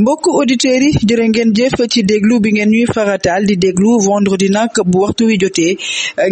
mbokk auditeurs yi jërë ngeen jëf ci déglu bi ngeen ñuy farataal di déglu vendredi nag bu waxtu wi jotee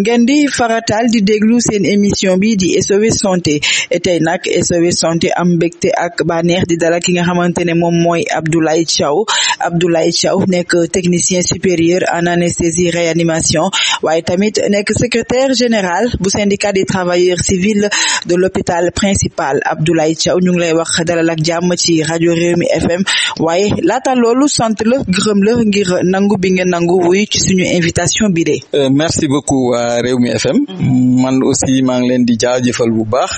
ngeen di faratal di déglu seen émission bi di SOS santé tey nag SOS santé am mbégte ak bànneex di dala ki nga xamante ne moom mooy Abdoulaye Thiaw Abdoulaye Thiaw nekk technicien supérieur en anesthésie réanimation waaye tamit nekk secrétaire général bu syndicat des travailleurs civils de l'hôpital principal Abdoulaye Thiaw ñu ngi lay wax dalal ak jàmm ci rajo Rewmi FM waaye laata loolu sant la gërëm la ngir nangu bi ngeen nangu wuyu ci suñu invitation bi de. Euh, merci beaucoup waa mi FM. Mhm. man aussi maa ngi leen di jaajëfal bu baax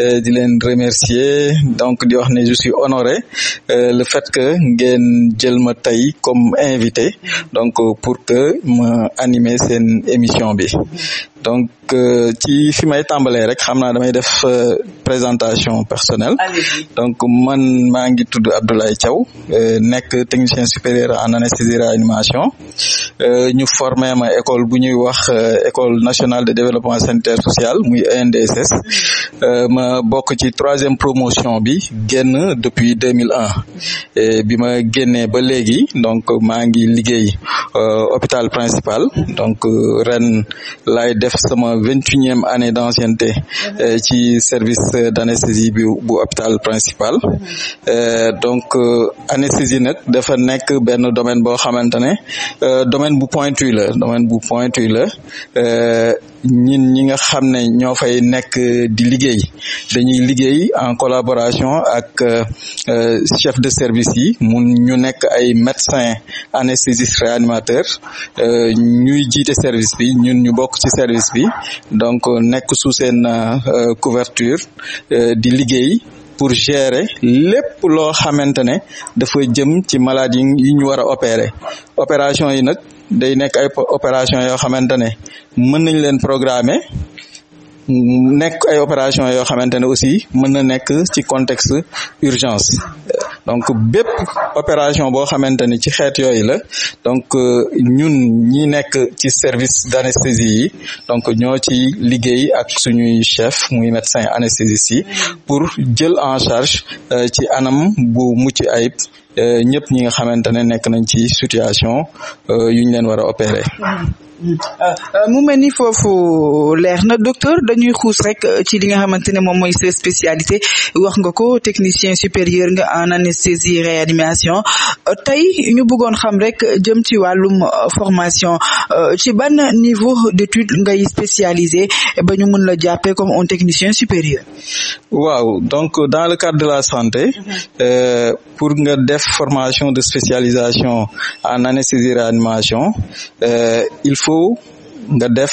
euh, di leen remercier donc di wax ne je suis honoré euh, le fait que ngeen jël ma tey comme invité mhm. donc pour que ma animer seen émission bi. Mhm. donc euh, ci fi may tàmbalee rek xam naa damay def euh, présentation personnelle donc man maa ngi tudd Abdoulaye Thiaw euh, nekk technicien supérieur en anesthésie réanimation ñu formé ma école bu ñuy wax école nationale de développement sanitaire social muy ENDSS mm. ma bokk ci troisième promotion bi génn depuis 2001 bi ma génnee ba léegi donc maa ngi liggéey hôpital principal donc ren laay def def sama vingt unième année d'ancienneté mhm. euh, ci service d'anesthésie bi bu hôpital principal mhm. euh, donc euh, anesthésie nag dafa nekk benn domaine boo xamante ne domaine bu pointu la domaine bu pointu la ñin ñi nga xam ne ñoo fay nekk di liggéey dañuy liggéey en collaboration ak chef de service yi mun ñu nekk ay médecin anesthésiste réanimateur ñuy jiite service bi ñun ñu bokk ci service presse donc euh, nekk sous seen euh, euh, couverture di liggéey pour gérer lépp loo xamante ne dafa jëm ci maladies yi ñu war a opérer opération yi nag day nekk ay opération yoo xamante ne mën nañ leen programmer nekk ay opération yoo xamante ne aussi mën na nekk ci contexte urgence donc bépp opération boo xamante ni ci xeet yooyu la donc ñun ñi nekk ci service d'anesthésie yi donc ñoo ci liggéey ak suñuy chef muy médecin anesthésiste yi pour jël en charge euh, ci anam bu mucc ayib euh, ñëpp ñi nga xamante ne nekk nañ ci situation euh, yu ñu leen war a opérer Euh, euh, mu mel ni foofu leer na docteur dañuy xuus rek euh, ci li nga xamante ne moom mooy sa spécialité wax nga ko technicien supérieur nga en anesthésie réanimation tey ñu bëggoon xam rek jëm ci wàllum formation ci ban niveau d'étude ngay spécialisé ba ñu la jàppee comme un technicien supérieur. waaw donc dans le cadre de la santé. Mm-hmm. Euh, pour nga def formation de spécialisation en anesthésie réanimation il faut faut nga def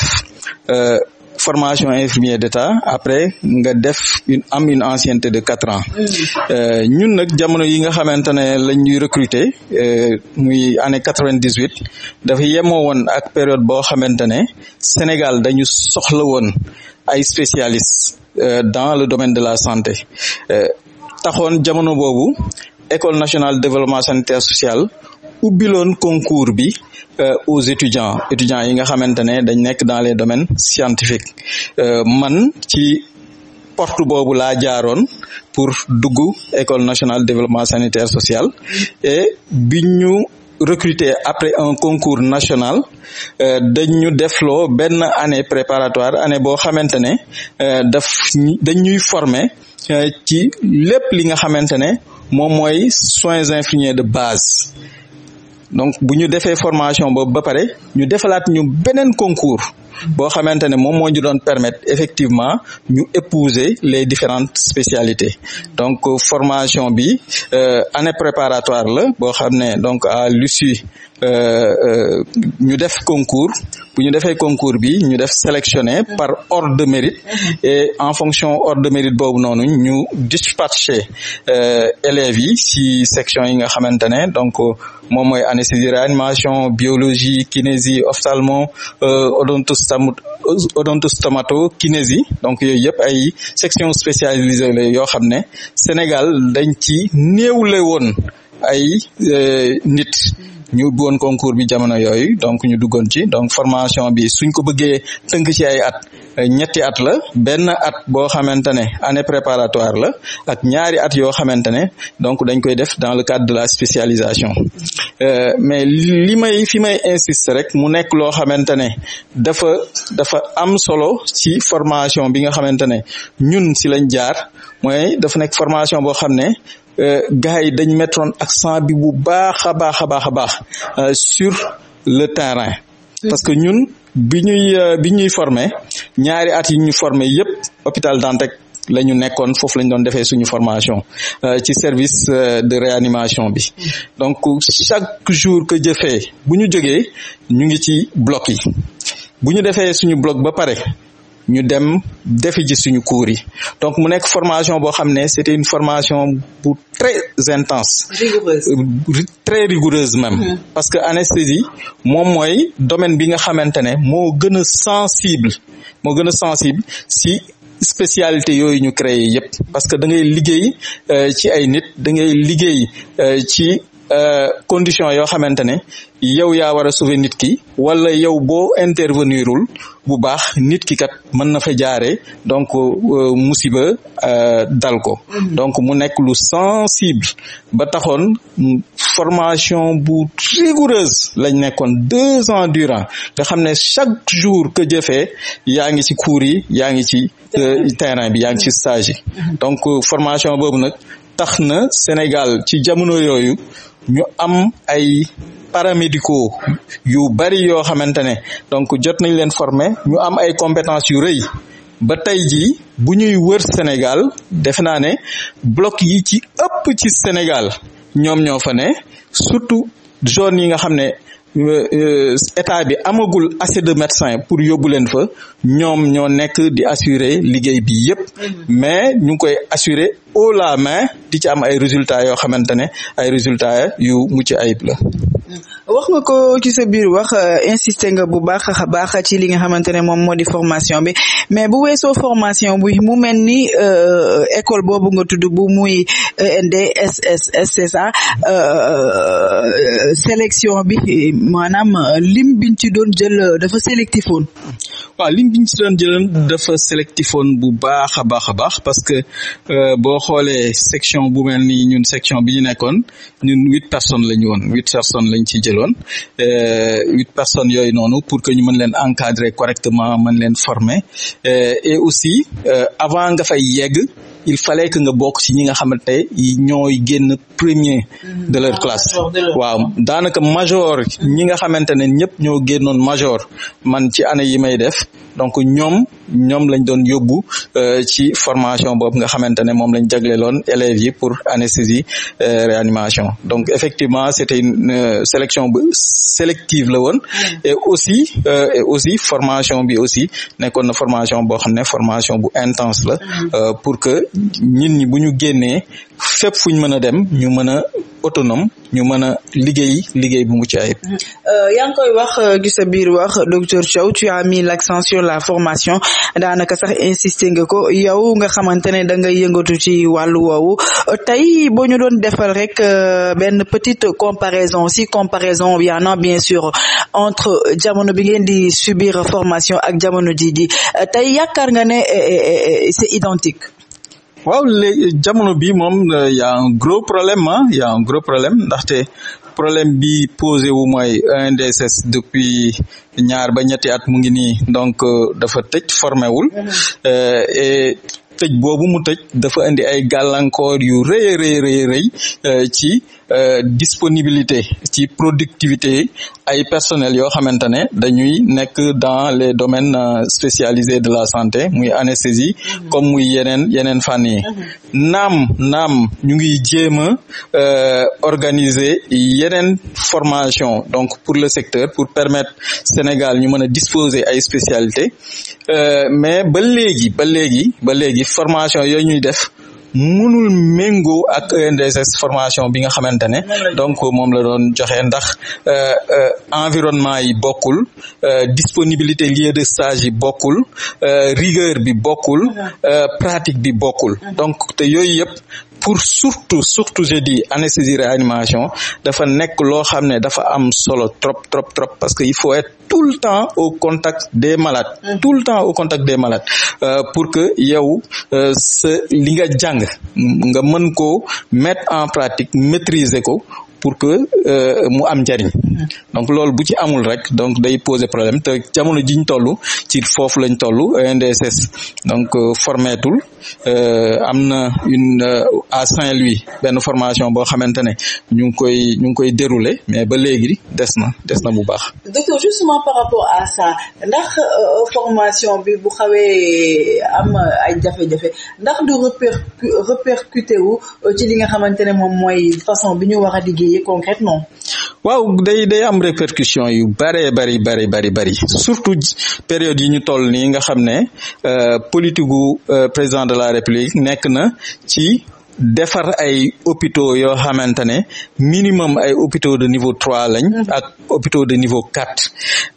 euh, formation infirmier d'état après nga def une am une ancienneté de quatre ans euh, ñun nag jamono yi nga xamante ne la ñuy recruter euh, muy année quatre-vingt-dix-huit dafa yemoo woon ak période boo xamante ne Sénégal dañu soxla woon ay spécialistes dans le domaine de la santé taxoon jamono boobu école nationale de développement sanitaire social ubbiloon concours bi euh, aux étudiants étudiants yi nga xamante ne dañ nekk dans les domaines scientifiques euh, man ci porte boobu laa jaaroon pour dugg école nationale développement sanitaire sociale et bi ñu recruter après un concours national euh, dañ ñu defloo benn année préparatoire année boo xamante ne daf ñuy former ci lépp li nga xamante ne moom mooy soins infirmiers de base donc bu ñu defee formation boobu ba pare ñu defalaat ñu beneen concours boo xamante ne moom moo ñu doon permettre effectivement ñu épouser les différentes spécialités donc formation bi euh, année préparatoire la boo xam ne donc à l'issue Euh, euh, ñu def concours bu ñu defee concours bi ñu def sélectionné par ordre de mérite et en fonction ordre de mérite boobu noonu ñu dispatché euh, élèves yi ci section yi nga xamante ne donc moom mooy anesthésie réanimation biologie kinésie ophtalmo odontostomato odontostomato kinésie donc yooyu yëpp ay section spécialisée la yoo xam ne Sénégal dañ ci néew la woon ay nit ñu ubbi woon concours bi jamono yooyu donc ñu duggoon ci donc formation bi suñ ko bëggee tënk ci ay at ñetti at la benn at boo xamante ne année préparatoire la ak ñaari at yoo xamante ne donc dañ koy def dans le cadre de la spécialisation euh, mais li may fi may insister rek mu nekk loo xamante ne dafa dafa am solo ci formation bi nga xamante ne ñun si lañ jaar mooy dafa nekk formation boo xam ne Euh, gars yi dañ mettoon accent bi bu baax a baax a baax a baax euh, sur le terrain parce que ñun bi ñuy euh, bi ñuy formé ñaari at yi ñu formé yépp hôpital Dantec la ñu nekkoon foofu lañ doon defee suñu formation ci service de réanimation bi donc chaque jour que jëfee bu ñu jógee ñu ngi ci bloc yi bu ñu defee suñu bloc ba pare ñu dem defi suñu cours yi donc mu nekk formation boo xam ne c'était une formation bu très intense rigoureuse. Euh, très rigoureuse même mm-hmm. parce que anesthésie moom mooy domaine bi nga xamante ne moo gën a sensible moo gën a sensible si spécialité yooyu ñu créé yépp parce que da ngay liggéey euh, ci ay nit da ngay liggéey euh, ci Euh, condition yoo xamante ne yow yaa war a sauver nit ki wala yow boo intervenirul bu baax nit ki kat mën na fa jaare donc euh, musiba euh, dal ko mm-hmm. donc mu nekk lu sensible ba taxoon formation bu rigoureuse lañ nekkoon deux ans durant nga xam ne chaque jour que jëfe yaa ngi ci cours yi yaa ngi ci mm-hmm. terrain bi yaa ngi ci stage yi mm-hmm. donc formation boobu nag tax na Sénégal ci jamono yooyu ñu am ay paramédicaux yu bari yoo xamante ne donc jot nañ leen former ñu am ay compétences yu rëy ba tey jii bu ñuy wër Sénégal defe naa ne bloc yi ci ëpp ci Sénégal ñoom ñoo fa ne surtout zone yi nga xam ne Euh, euh, état bi amagul assez de médecins pour yóbbu leen fa ñoom ñoo nekk di assurer liggéey bi yépp mm-hmm. mais ñu ngi koy assurer au la main di ci am ay résultats yoo xamante ne ay résultats yu mucc ayib la. wax nga ko ci sa biir wax euh, insister nga bu baax a baax ci li nga xamante ne moom moo di formation bi mais bu weesoo formation bi mu mel ni euh, école boobu nga tudd bu muy ENDSSS euh, c'est ça sélection bi maanaam lim biñ ci doon jël dafa sélectif woon. waaw lim biñ ci doon jël dafa sélectif bu baax a baax a baax parce que boo xoolee section bu mel ni ñun section bi ñu nekkoon ñun huit personnes la ñu woon huit personnes lañ lañ ci jëloon euh, huit personnes yooyu noonu pour que ñu mën leen encadrer correctement man leen former euh, et aussi euh, avant nga fay yegg il fallait nga bokk ci ñi nga xamante ñooy génn premier de leur ah, classe waaw daanaka major ñi nga xamante ne ñëpp ñoo génnoon major man ci année yi may def donc ñoom ñoom lañ doon yóbbu euh, ci formation boobu nga xamante ne moom lañ jagleeloon élèves yi pour anesthésie euh, réanimation donc effectivement c'était une euh, sélection bu sélective la woon mm. et aussi formation bi aussi nekkoon na formation boo xam ne formation bu intense la mm. pour que nit ñi bu ñu génnee fépp fu ñu mën a dem ñu mën a autonome ñu mën a liggéey liggéey bu mucc ayib. Euh, yaa ngi koy wax euh, gis sa biir wax docteur Thiaw tu as mis l'accent sur la formation daanaka sax insister nga ko yow nga xamante ne da ngay yëngatu ci wàllu woowu euh, tey boo ñu doon defal rek benn petite comparaison si comparaison y en bien sûr entre jamono bi ngeen di subir formation ak jamono ji di tey yaakaar nga ne c'est identique. waaw léegi jamono bi moom euh, y a problème ah y a problème ndaxte problème bi posé wu mooy ENDSS depuis ñaar ba ñetti at mu ngi nii donc euh, dafa tëj formé wul euh, et tëj boobu mu tëj dafa indi ay gàllankoor yu rëy rëy rëy rëy ci Euh, disponibilité ci productivité ay personnel yoo xamante ne dañuy nekk dans les domaines euh, spécialisés de la santé muy anesthésie mhm. comme muy yeneen yeneen fànn yi mhm. naam naam ñu ngi jéem a euh, organiser yeneen formation donc pour le secteur pour permettre Sénégal ñu mën a disposer ay spécialités mais ba léegi ba léegi ba léegi formation yooyu ñuy def mënul méngoo ak ENDSS formation bi nga xamante ne donc moom la doon joxe ndax euh, euh, environnement yi bokkul euh, disponibilité lieu de stage yi bokkul rigueur bi bokkul pratique bi bokkul donc te yooyu yëpp pour surtout surtout je dis anesthésie réanimation dafa nekk loo xam ne dafa am solo trop trop trop parce que il faut être tout le temps au contact des malades mm. tout le temps au contact des malades euh, pour que yow euh, sa li nga jàng nga mën ko mettre en pratique maitriser ko pour que euh, mu am njariñ donc loolu bu ci amul rek donc day poser problème te jamono jiñ toll ci foofu lañ toll ENDSS donc euh, formeetul euh, am na une à Saint-Louis benn formation boo xamante ne ñu ngi koy ñu ngi koy dérouler mais ba léegi des na des na bu baax. docteur justement par rapport à ça ndax formation bi bu xawee am ay jafe-jafe ndax du reper ci li nga xamante ne moom façon bi ñu a liggéey yi waaw day day am répercussion yu bëree bëri bëri bari bëri surtout période yi ñu toll nii nga xam ne euh, politique gu euh, président de la république nekk na ci defar ay hôpitaux yoo xamante ne minimum ay hôpitaux de niveau trois lañ mhm. ak hôpitaux de niveau quatre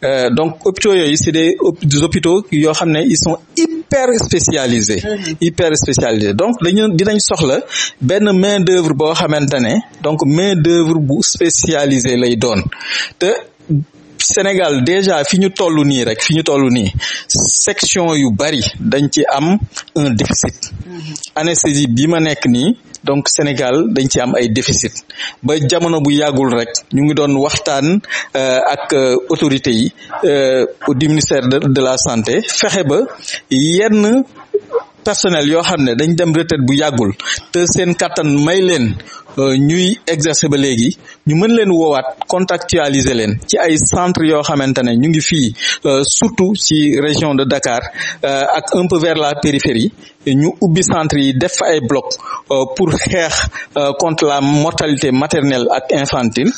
euh, donc hôpitaux yooyu c'est des hôpitaux yoo xam ne ils sont hyper spécialisés mhm. hyper spécialisés donc dañu dinañ soxla benn main d'œuvre boo xamante ne donc main d'œuvre bu spécialisé lay done te Sénégal déjà fi ñu toll nii rek fi ñu toll nii section yu bari dañ ci am un déficit mm-hmm. anesthésie bi ma nekk nii donc Sénégal dañ ci am ay déficit ba jamono bu yàggul rek ñu ngi doon waxtaan euh, ak euh, autorités yi euh, au du ministère de la santé fexe ba yenn personnel yoo xam ne dañ dem retraite bu yàggul te seen kattan may leen euh, ñuy exercer ba léegi ñu mën leen woowaat contactualiser leen ci ay centre yoo xamante ne ñu ngi fii euh, surtout ci région de Dakar euh, ak un peu vers la périphérie ñu ubbi centre yi def ay bloc pour xeex contre la mortalité maternelle ak infantile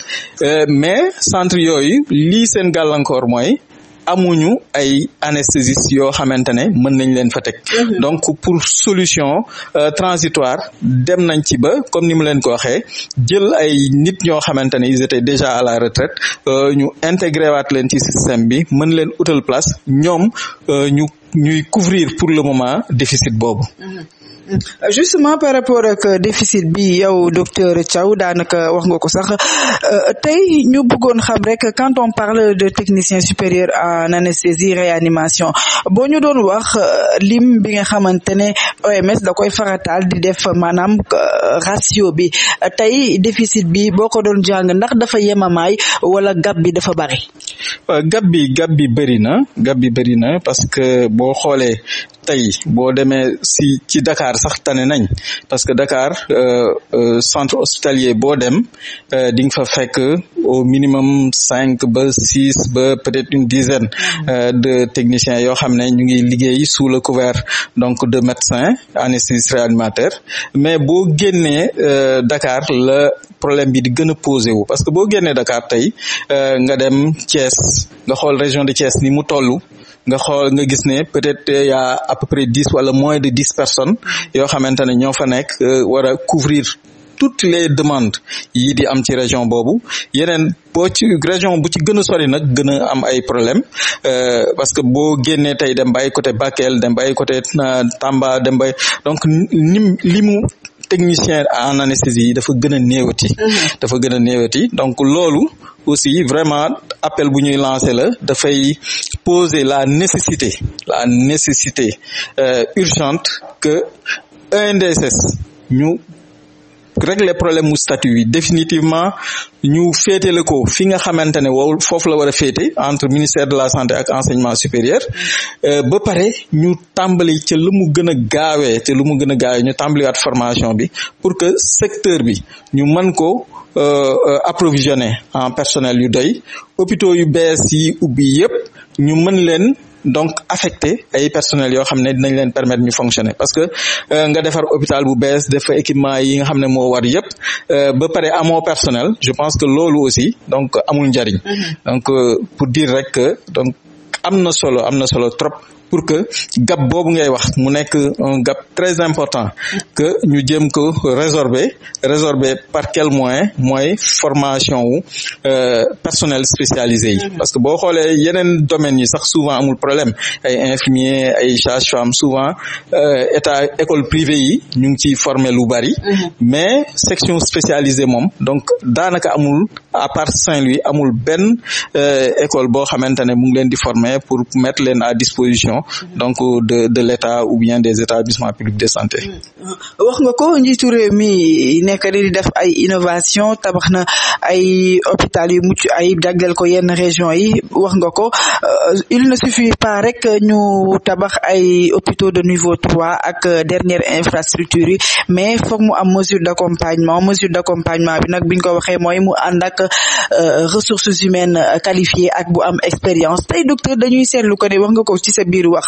mais centre yooyu lii seen gàllankoor mooy amuñu ay anesthésistes yoo xamante ne mën nañ leen fa teg mhm. donc pour solution euh, transitoire dem nañ ci ba comme ni mu leen ko waxee jël ay nit ñoo xamante ne ils étaient déjà à la retraite euh, ñu intégré waat leen ci système bi mën leen utal place ñoom euh, ñu ñuy couvrir pour le moment déficit boobu mhm. Euh, justement par rapport ak euh, déficit bi yow docteur Thiaw daanaka wax nga ko sax euh, tey ñu bëggoon xam rek quand on parle de technicien supérieur en anesthésie réanimation boo ñu doon wax lim bi nga xamante ne OMS da koy farataal di def maanaam ratio bi tey déficit bi boo ko doon jàng ndax dafa yemamaay wala gab bi dafa bari. gab bi gab bi bëri na gab bi bëri na parce que boo xoolee tey boo demee si ci Dakar sax tane nañ parce que Dakar euh, euh, centre hospitalier boo dem euh, di nga fa fekk au minimum cinq ba six ba peut-être une dizaine mm. de techniciens yoo xam ne ñu ngi liggéey sous le couvert donc de médecins anesthésistes réanimateurs mais boo génnee Dakar la problème bi di gën a posé wu parce que boo génnee Dakar tey nga dem Thiès nga xool région de Thiès ni mu tollu nga xool nga gis ne peut-être y a à peu dix wala mois de dix personnes yoo xamante ne ñoo fa nekk euh, war a couvrir toutes les demandes yi di am ci région boobu yeneen boo ci région bu ci gën a sori nag gën a am ay problème euh, parce que boo génnee tey dem ba ay côté Bakel dem ba ay euh, Tamba dem ba donc nim limu technicien en anesthésie yi dafa gën a néewati mhm. dafa gën a néewati donc loolu aussi vraiment appel bu ñuy lancé la dafay posé la nécessité la nécessité euh, urgente que ENDSS ñu régler problème mu statut yi définitivement ñu féetale ko fi nga xamante ne wow foofu la war a féete entre ministère de la santé ak enseignement supérieur euh, ba pare ñu tàmbali ca lu mu gën a gaawee te lu mu gën a gaawee ñu tàmbaliwaat formation bi pour que secteur bi ñu mën ko euh, euh, approvisionner en personnel yu doy hôpitaux yu bees yi ubbi yépp ñu mën leen donc affecté ay personnel yoo xam ne dinañ leen permettre ñu fonctionner parce que euh, nga defar hôpital bu bees defa équipement yi nga xam ne moo war yëpp euh, ba pare amoo personnel je pense que loolu aussi donc amul njariñ mm-hmm. donc euh, pour dire rek que donc am na solo am na solo trop pour que gap boobu ngay wax mu nekk un gap très important que ñu jëm ko résorber résorber par quel moyen mooy formation wu euh, personnel spécialisé yi parce que boo xoolee yeneen domaines yi sax souvent amul problème ay infirmier ay sage-femme souvent euh, état école privée yi ñu ngi ciy former lu bari mm-hmm. mais section spécialisée moom donc daanaka amul à part Saint-Louis amul benn euh, école boo xamante ne mu ngi leen di former pour mettre leen à disposition décision donc de de l'État ou bien des établissements publics de santé. wax nga ko njiitu réew mi nekk na def ay innovation tabax na ay hôpital yu mucc ay jagleel ko yenn région yi wax nga ko euh, il ne suffit pas rek ñu tabax ay hôpitaux de niveau trois ak dernière infrastructure yi mais foog mu am mesure d'accompagnement mesure d'accompagnement bi nag biñ ko waxee mooy mu ànd ak euh, ressources humaines qualifiées ak bu am expérience tey docteur dañuy seetlu ko ne wax nga ci sa biir wax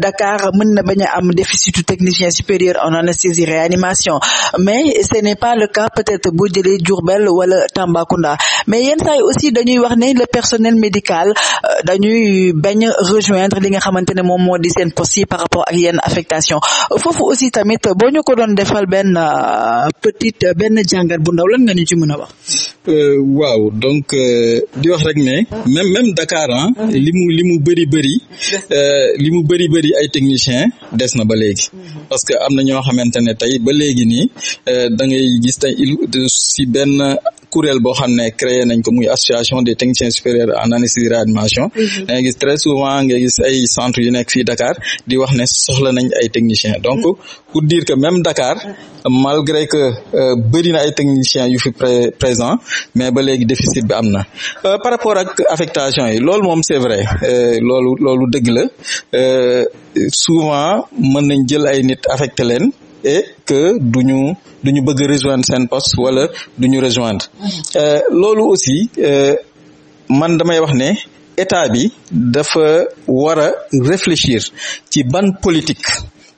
Dakar mën na bañ am déficitu technicien supérieur en anesthésie réanimation mais ce n'est pas le cas peut-être boo jëlee Diourbel wala Tambacounda mais yenn saa yi aussi dañuy wax ne le personnel médical euh, dañuy bañ rejoindre li nga xamante ne moom moo di seen poste yi par rapport ak yenn affectation foofu aussi tamit boo ñu ko doon defal benn euh, petite benn jàngat bu ndaw lan nga ñu ci mën a wax Euh, waaw donc euh, di wax rek ne même même Dakar li mu li mu bëri bëri euh, li mu bëri bëri ay techniciens des na ba léegi parce que am na ñoo xamante ne tey ba léegi nii da ngay gis tey si benn kuréel boo xam ne créer nañ ko muy association des techniciens supérieurs en anesthésie réanimation mhm. da ngay gis souvent nga gis ay centres yu nekk fii Dakar di wax ne soxla nañ ay techniciens donc mhm. pour dire que même Dakar malgré que bëri ay techniciens yu fi présent mais ba léegi déficit bi am na euh, par rapport ak affectation yi loolu moom c'est vrai euh, loolu loolu dëgg la euh, souvent mën nañ jël ay nit affecté leen et que du ñu bëgg a rejoindre seen poste wala ñu rejoindre mm-hmm. loolu aussi man damay wax ne état bi dafa war a réfléchir ci ban politique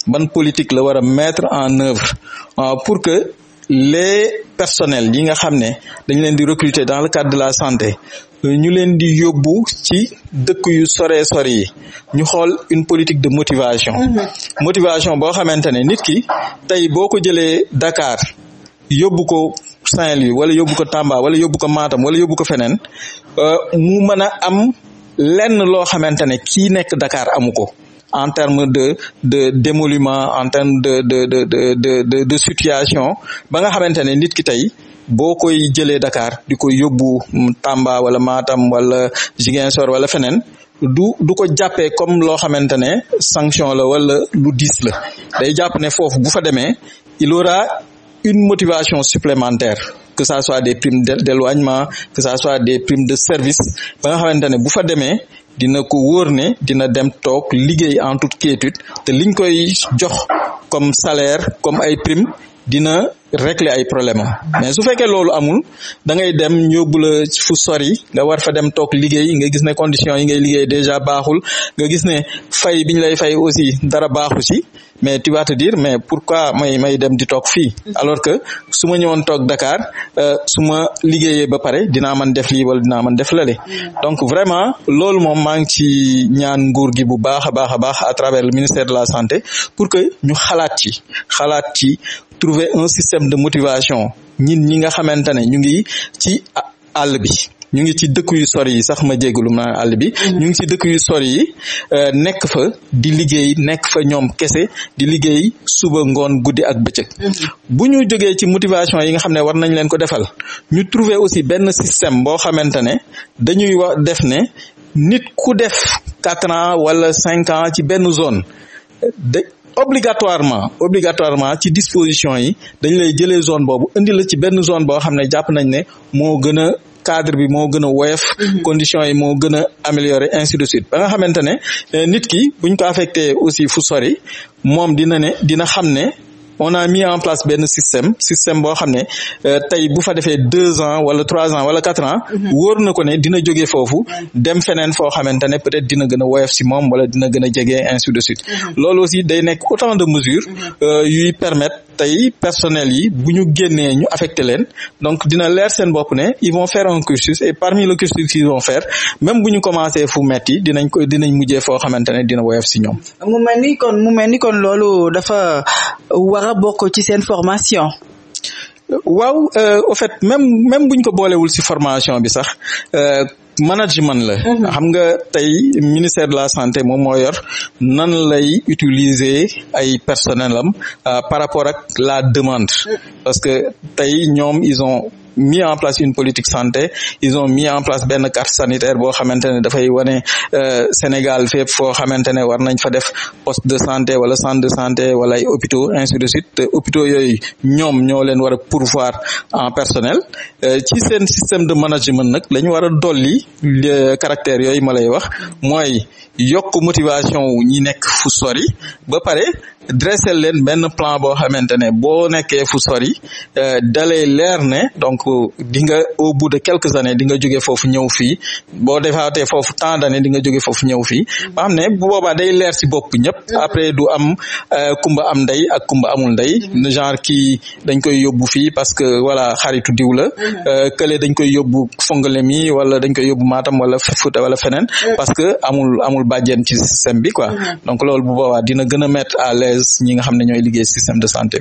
ban politique la war a mettre en œuvre pour que les personnels yi nga xam ne dañ leen di recruter dans le cadre de la santé ñu leen di yóbbu ci dëkk yu soree sore yi ñu xool une politique de motivation mm-hmm. motivation boo xamante ne nit ki tey boo ko jëlee Dakar yóbbu ko saint wala yóbbu ko Tamba wala yóbbu ko maatam wala yóbbu ko feneen euh, mu mën a am lenn loo xamante ne kii nekk Dakar amu ko en termes de de d'émolument en termes de de de de de de situation ba nga xamante ne nit ki tey boo koy jëlee Dakar di koy yóbbu Tamba wala Matam wala Ziguinchor wala feneen du du ko jàppee comme loo xamante ne sanction la wala lu diis la day jàpp ne foofu bu fa demee il lora une motivation supplémentaire que sa soit des primes d'éloignement que ça soit des primes de service banga nga xamante ne bu fa demee dina ko wóor ne dina dem toog liggéey en toute quiétude te liñ koy jox comme salaire comme ay prime dina régler ay problème mais su fekkee loolu amul da ngay dem yóbbu la fu sori nga war fa dem toog liggéey nga gis ne condition yi ngay liggéey déjà baaxul nga gis ne fay bi ñu lay fay aussi dara baaxu si mais tu vas te dire mais pourquoi may may dem di toog fii alors que su ma ñëwoon toog Dakar euh, su ma liggéeyee ba pare dinaa mën def lii wala dinaa mën def lale donc vraiment loolu moom maa ngi ci ñaan nguur gi bu baax a baax a baax à travers le ministère de la santé pour que ñu xalaat ci xalaat ci trouver un système de motivation ñin ñi nga xamante ne ñu ngi ci àll bi ñu ngi ci dëkk yu sori yi sax ma jégalu ma àll bi mm-hmm. ñu ngi ci dëkk yu sori yi euh, nekk fa di liggéey nekk fa ñoom kese di liggéey suba ngoon guddi ak bëccëg mm-hmm. bu ñu jógee ci motivation yi nga xam ne war nañ leen ko defal ñu trouver aussi benn système boo xamante ne dañuy wax def ne nit ku def quatre ans wala cinq ans ci benn zone de obligatoirement obligatoirement ci disposition yi dañ lay jëlee zone boobu indi la ci benn zone boo xam ne jàpp nañ ne moo gën a cadre bi moo gën a woyof mhm. conditions yi moo gën a amélioré ainsi ba nga xamante ne euh, nit ki buñ ko affecté aussi fou sori moom dina ne dina xam ne on a mis en place benn système système boo xam ne euh, bu fa defee deux ans wala trois ans wala quatre ans mhm. wóor na ko ne dina jógee foofu dem feneen foo xamante ne peut-être dina gën a woyof si moom wala dina gën a jege ainsi de suite mhm. loolu aussi day nekk autant de mesures mhm. euh, yuy permettre tey personnel yi bu ñu génnee ñu affecté leen donc dina leer seen bopp ne ils vont faire un cursus et parmi le cursus qu'ils vont faire même bu ñu commencé fu metti dinañ ko dinañ mujjee foo xamante ne dina woyof si ñoom dara bokk ci seen formation. waaw euh, au fait même même buñ ko boolewul si formation bi sax. Euh, management la mhm. xam nga tey ministère de la santé moom moo yor nan lay utiliser ay personnel am euh, par rapport ak la demande mhm. parce que tey ñoom ils ont mis en place une politique santé ils ont mis en place benn carte sanitaire boo xamante ne dafay wane euh, Sénégal fépp foo xamante ne war nañ fa def poste de santé wala centre de santé wala ay hôpitaux ainsi de suite hôpitaux yooyu ñoom ñoo leen war a pourvoir en personnel euh, ci seen système de management nag la ñu war a dolli caractère yooyu ma lay wax mooy yokk motivation wu ñi nekk fu sori ba pare dressé leen benn plan bo xamante ne boo nekkee fu sori euh, dalay leer ne donc di nga au bout de quelques années di nga jóge foofu ñëw fii boo defaate foofu tant d'années di nga jóge foofu ñëw fii mm-hmm. ba ne bu boobaa day leer ci bopp ñëpp mm-hmm. après du am euh, kumba am ndey ak kumba amul ndey mm-hmm. genre kii dañ koy yóbbu fii parce que voilà xaritu diw la euh, kële dañ koy yóbbu fongale mi wala dañ koy yóbbu maatam wala Fuuta wala feneen parce que amul amul bàjjeen ci système bi quoi donc loolu bu boobaa dina gën a mettre l'aise ñi nga xam ne système de santé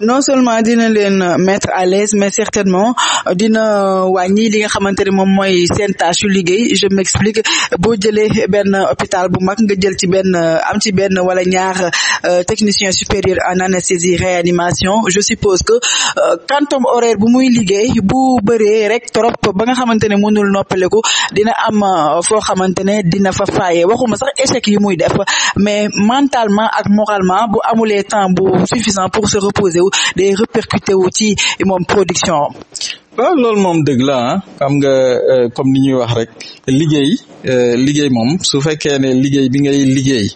non seulement dina leen mettre à l'aise mais certainement dina wàññi li nga xamante ne moom mooy seen yu liggéey je m'explique boo jëlee benn hôpital bu mag nga jël ci benn am ci benn wala ñaar euh, technicien supérieur en anesthésie réanimation je suppose que euh, quantum horaire bu muy liggéey bu bëree rek trop ba nga xamante ne mënul noppaleku dina am euh, foo xamante ne dina fa faaye waxuma sax échec yi muy def mais mentalement ak moralement bu amulee temps bu suffisant pour se reposer wu day wu ci moom production waaw loolu moom dëgg la ah xam nga euh, comme ni ñuy wax rek liggéey euh, liggéey moom su fekkee ne liggéey bi ngay liggéey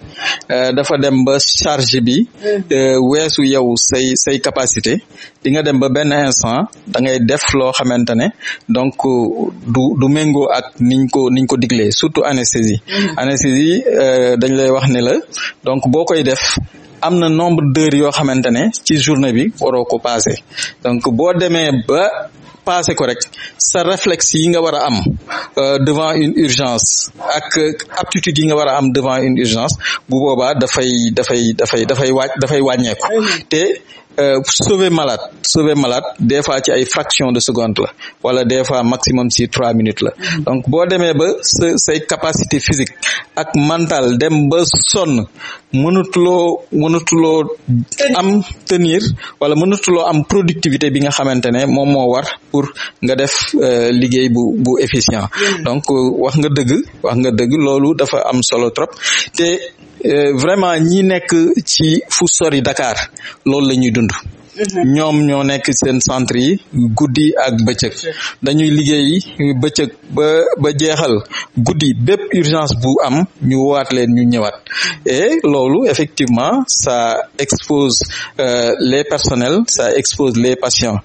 euh, dafa dem ba charge bi weesu yow say say capacité di nga dem ba benn instant da ngay def loo xamante ne donc du du méngoo ak niñ ko niñ ko diglee surtout anesthésie anesthésie dañ lay wax ne la donc boo koy def am na nombre d'heures yoo xamante ne ci journée bi waroo ko passé donc boo demee ba dépassé ko rek sa réflexe yi nga war a am euh, devant une urgence ak aptitude yi nga war a am devant une urgence bu boobaa dafay dafay dafay dafay wàññ dafay wàññeeku te Euh, sauver malade sauver malade des fois ci ay fraction de seconde la wala des fois maximum si trois minutes la mm-hmm. donc boo demee ba sa say capacité physique ak mentale dem ba sonn mënutuloo mënutuloo am tenir wala mënutuloo am productivité bi nga xamante ne moom moo war pour nga def euh, liggéey bu bu efficient mm-hmm. donc euh, wax dëgg wax nga dëgg loolu dafa am solo trop te Euh, vraiment ñi nekk ci fu sori Dakar loolu la ñuy dund mhm. ñoom ñoo nekk seen centre yi guddi ak bëccëg dañuy liggéey bëccëg ba ba jeexal guddi bépp urgence bu am ñu waat leen ñu ñëwaat e loolu effectivement sa expose euh, les personnels ça expose les patients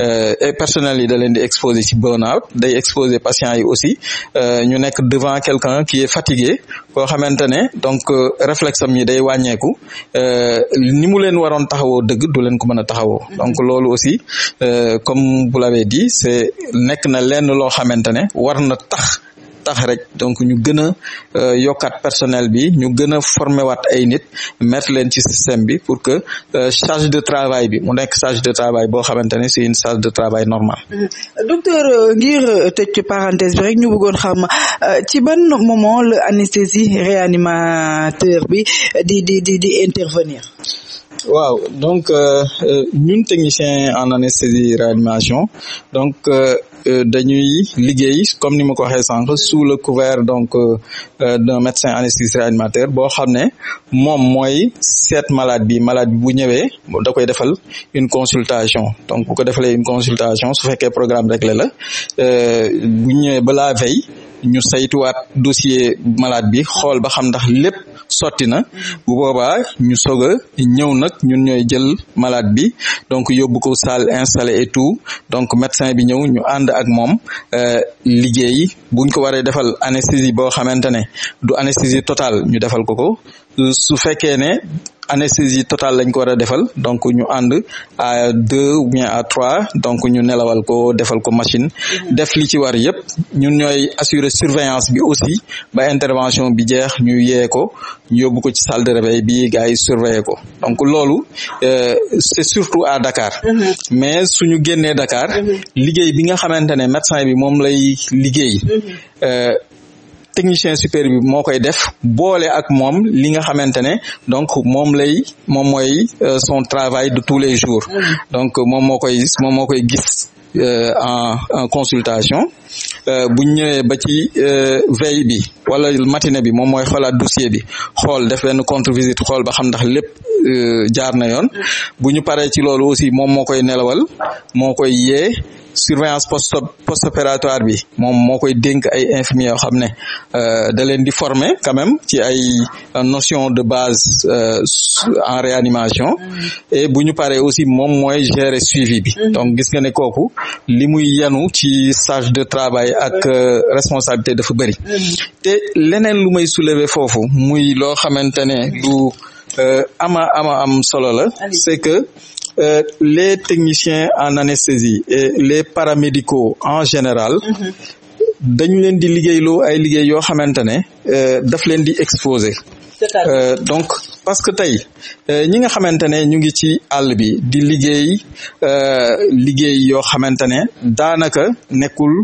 euh, et personnels yi da leen di exposer ci burn-out day exposer patients yi aussi euh, ñu nekk devant quelqu'un qui est fatigué koo xamante ne donc euh, réflexe am yi day wàññeeku euh, ni mu leen waroon taxawoo dëgg du leen ko mën a taxawoo donc loolu aussi euh, comme vous l'avez dit c'est nekk na lenn loo xamante ne war na tax tax rek donc ñu gën a euh, yokkaat personnel bi ñu gën a formé waat ay nit mettre leen ci système bi pour que euh, change de travail bi mu nekk change de travail boo xamante ne c'est une charge de travail normale. Mm-hmm. docteur euh, ngir tëj ci parenthèse bi rek ñu bëggoon xam ci ban moment la anesthésie réanimateur bi di di di intervenir. waaw donc euh, euh, ñun euh, technicien en anesthésie réanimation donc euh, dañuy liggéey comme ni ma ko waxee sànq sous le couvert donc d'un médecin anesthésiste réanimateur boo xam ne moom mooy seet malade bi malade bi bu ñëwee da koy defal une consultation donc bu ko defalee une consultation su fekkee programme réglé la bu ñëwee ba la ñu saytuwaat dossier malade bi xool ba xam ndax lépp sotti na bu boobaa ñu soog a ñëw nag ñun ñooy jël malade bi donc yóbbu ko salle installé et tout donc médecin bi ñëw ñu ànd ak moom euh, liggéey buñ ko waree defal anesthésie boo xamante ne du anesthésie totale ñu defal ko ko su fekkee ne anesthésie totale lañ ko war a defal donc ñu ànd a deux ou bien à trois donc ñu nelawal ko defal ko machine def li ci war yëpp ñun ñooy assurer surveillance bi aussi ba intervention bi jeex ñu yee ko ñu yóbbu ko ci salle de bi gars yi surveiller ko donc loolu euh, c'est surtout à Dakar mm-hmm. mais suñu génnee Dakar mm-hmm. liggéey bi nga xamante ne médecin bi moom lay liggéey mm-hmm. euh, technicien supérieur bi moo koy def boole ak moom li nga xamante ne donc moom lay moom mooy euh, son travail de tous les jours donc euh, moom moo koy moom moo koy gis euh, en en consultation bu ñëwee ba ci veille bi wala matine bi moom mooy xoolaat dossier bi xool def benn contre visite xool ba xam ndax lépp jaar na yoon bu ñu paree ci loolu aussi moom moo koy nelawal moo koy yee surveillance post post opératoire bi moom moo koy dénk ay infirmiers yoo xam ne euh, da leen di former quand même ci ay euh, notion de base euh, en réanimation mm. et bu ñu paree aussi moom mooy gérer suivi bi mm. donc gis nga ne kooku li muy yanu ci charge de travail ak mm. responsabilité dafa bëri te leneen lu may soulever foofu muy loo xamante ne Euh, ama ama am solo la c'est que euh, les techniciens en anesthésie et les paramédicaux en général mm-hmm. dañu leen di liggéeyloo ay liggéey yoo xamante ne euh, daf leen di exposé Euh, donc parce que tey euh, ñi nga xamante ne ñu ngi ci àll bi di liggéey liggéey yoo xamante ne daanaka nekkul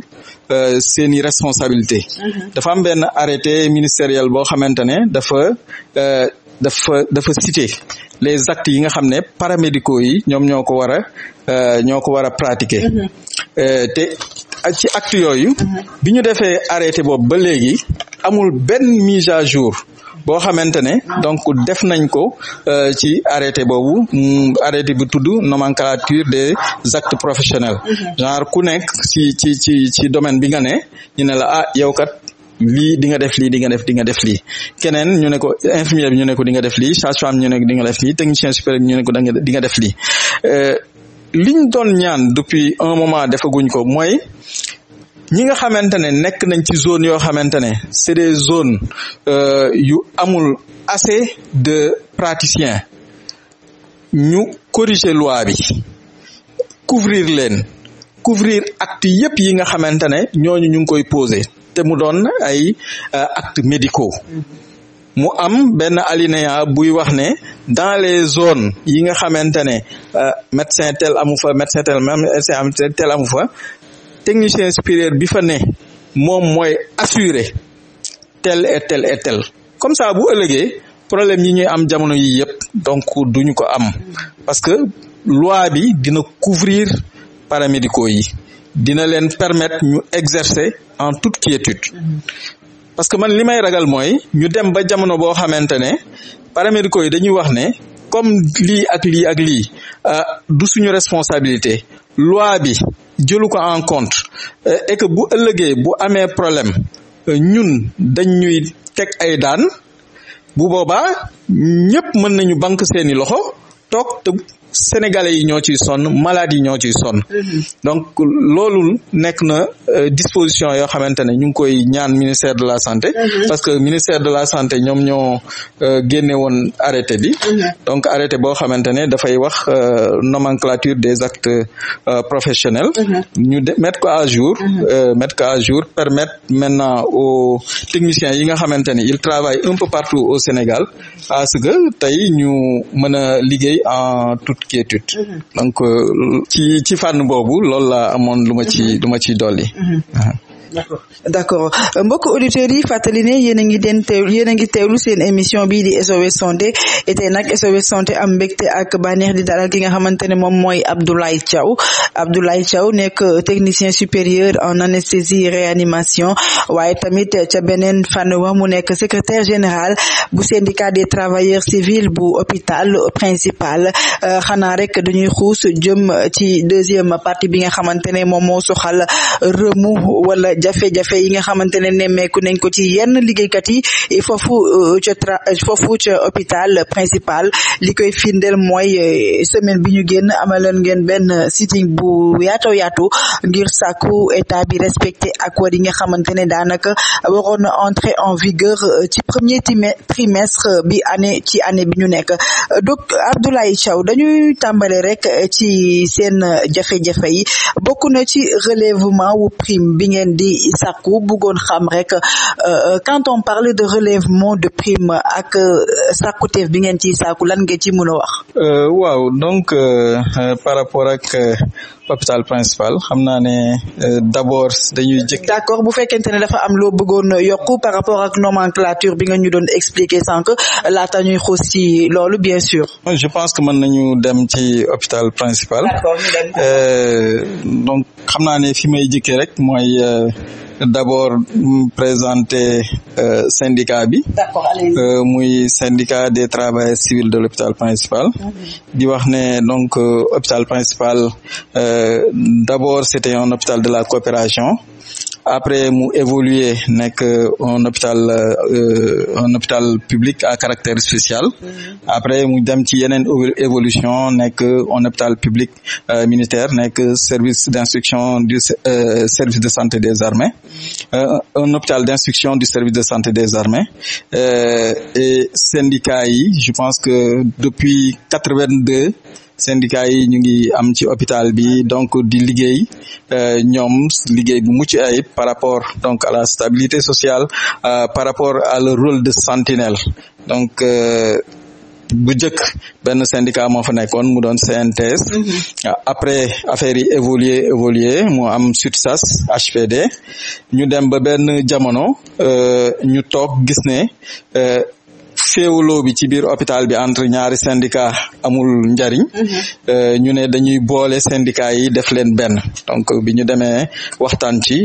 seeni responsabilité mm-hmm. dafa am benn ministériel boo xamante ne dafa dafa dafa citer les actes yi nga xam ne paramédicaux yi ñoom ñoo ko war a euh, ñoo ko war a pratiquer mm-hmm. euh, te ci actes yooyu mm-hmm. bi ñu defee arrêté boobu ba léegi amul benn mise à jour boo xamante ne ah. donc def nañ ko euh, ci arrêté boobu mm, arrêté bu tudd nomenclature des actes professionnels mm-hmm. genre ku ci ci ci domaine bi nga ne ñu ne la ah kat lii di nga def lii di nga def di nga def lii keneen ñu ne ko infirmier bi ñu ne ko di def lii sage-femme ñu ne ko di nga def lii technicien supérieur ñu ne ko di nga def lii euh, liñ doon ñaan depuis un moment defaguñ ko mooy ñi nga xamante ne nekk nañ ci zone yoo xamante ne c'est des zones euh, yu amul assez de praticien ñu corriger loi bi couvrir leen couvrir acte yépp yi nga xamante ne ñooñu ñu ngi koy poser te mu doon ay euh, actes médicaux mu am benn alinéa buy wax ne dans les zones yi nga xamante ne euh, médecin tel amu fa médecin tel même tel amu fa technicien supérieur bi fa ne moom mooy assurer tel et tel et tel comme ça bu ëllëgee problème yi ñuy am jamono yi yëpp donc duñu ko am parce que loi bi dina couvrir paramédicaux yi dina leen permettre ñu exercer en toute quiétude parce que man li may ragal mooy ñu dem ba jamono boo xamante ne paramédicaux yi dañuy wax ne comme lii ak lii ak lii euh, du suñu responsabilité loi bi jëlu ko en compte euh, et bu ëllëgee bu amee problème euh, ñun dañ ñuy teg ay daan bu boobaa ñëpp mën nañu bank seeni loxo toog sénégalais yi ñoo ciy sonn malades yi ñoo ciy sonn mhm. donc loolu nekk na euh, disposition yoo xamante ne ñu ngi koy ñaan ministère de la santé mhm. parce que ministère de la santé ñoom ñoo euh, génne woon arrêté bi mhm. donc arrêté boo xamante ne dafay wax euh, nomenclature des actes professionnels ñu mettre ko à jour mettre ko à jour permettre maintenant aux techniciens yi nga xamante ne ils travaillent un peu partout au Sénégal à ce que tey ñu mën a liggéey quiétude mm-hmm. donc euh, ci ci fànn boobu loolu laa amoon lu ma ci mm-hmm. lu ma ciy dolli mm-hmm. uh-huh. d' accord euh, mbokk auditeurs yi fàttali ne yéen a ngi den teewlu yéen a ngi teewlu seen émission bii di SOS santé tey nag SOS santé am mbégte ak bànneex di dalal ki nga xamante ne moom mooy Abdoulaye Thiaw Abdoulaye Thiaw nekk technicien supérieur en anesthésie réanimation waaye tamit ca beneen fànn wa mu nekk secrétaire général bu syndicat des travailleurs civils bu hôpital principal euh, xanaa rek dañuy xuus jëm ci deuxième partie bi nga xamante ne moom moo soxal remu wala jafe-jafe yi nga xamante ne nemmeeku nañ ko ci yenn liggéeykat yi foofu euh, ca tra foofu hôpital principal li koy firndeel mooy euh, semaine bi ñu génn amaloon ngeen benn sitting bu yaato yaatu ngir sàkku état bi respecté ak yi nga xamante ne daanaka waroon na entrer en vigueur euh, ci premier trimestre bi année ci année bi ñu nekk donc Abdoulaye Thiaw dañuy tàmbale rek ci seen jafe-jafe yi ci relèvement wu prime bi ngeen di ci sàkku bëggoon xam rek euh, euh, quand on parle de relèvement de prime ak euh, sàkkuteef bi ngeen ci sàkku lan nga ci mën a wax waaw donc par rapport ak hôpital principal xam naa ne euh, d'abord dañuy jëkk d'accord bu fekkente ne dafa am loo bëggoon yokku par rapport ak nomenclature bi nga ñu doon expliquer sànq laata ñuy xuus ci loolu bien sûr je pense que mën nañu dem ci hôpital principal euh, donc xam naa ne fi may jëkkee rek mooy euh, d'abord mm, présenter euh, syndicat bi euh, muy syndicat des travailleurs civils de l'hôpital principal mhm. di wax ne donc euh, hôpital principal euh, d'abord c'était un hôpital de la coopération après mu évoluer nekk euh, un hôpital euh, un hôpital public à caractère spécial mm-hmm. après mu dem ci yeneen évolution nekk euh, un hôpital public militaire nekk service d'instruction du service de santé des armées mm-hmm. un hôpital d'instruction du service de santé des armées et syndicat yi je pense que depuis quatre-vingt-deux syndicat yi ñu ngi am ci hôpital bi donc di liggéey euh, ñoom liggéey bu mucc ayib par rapport donc à la stabilité sociale euh, par rapport à leur rôle de sentinelle donc euh, bu njëkk benn syndicat moo fa nekkoon mu doon CNTS mhm. après affaire yi évoluer évoluer mu am SUTSAS HPD ñu dem ba benn jamono ñu toog gis ne féewaloo bi ci biir hôpital bi entre ñaari syndicat amul njariñ mhm. euh, ñu ne dañuy boole syndicat yi def leen benn donc bi ñu demee waxtaan ci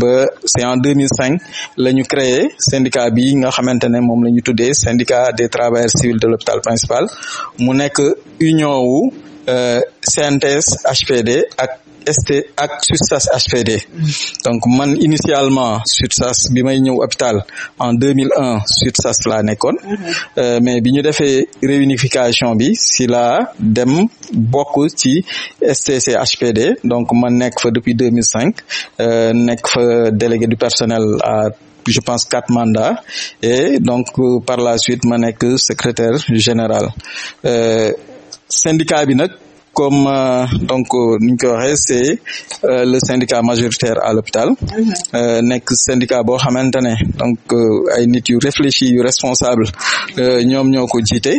ba c'est en 2005 la ñu créé syndicat bi nga xamante ne moom la ñu tuddee syndicat des travailleurs civils de l'hôpital principal mu nekk union wu euh, CNTS HPD ak ST ak SUTSAS HPD donc man initialement SUTSAS bi may ñëw hôpital en 2001 SUTSAS laa nekkoon euh, mais bi ñu defee réunification bi si la dem bokk ci STC HPD donc man nekk fa depuis 2005 euh, nekk fa délégué du personnel à je pense quatre mandats e donc par la suite ma nekk secretaire général euh, syndicat bi nag comme euh, donc ni ñu waxee c'est euh, le syndicat majoritaire à l'hôpital mhm. euh, nekk syndicat boo xamante ne donc euh, ay nit yu réfléchi yu responsable ñoom ñoo ko jiite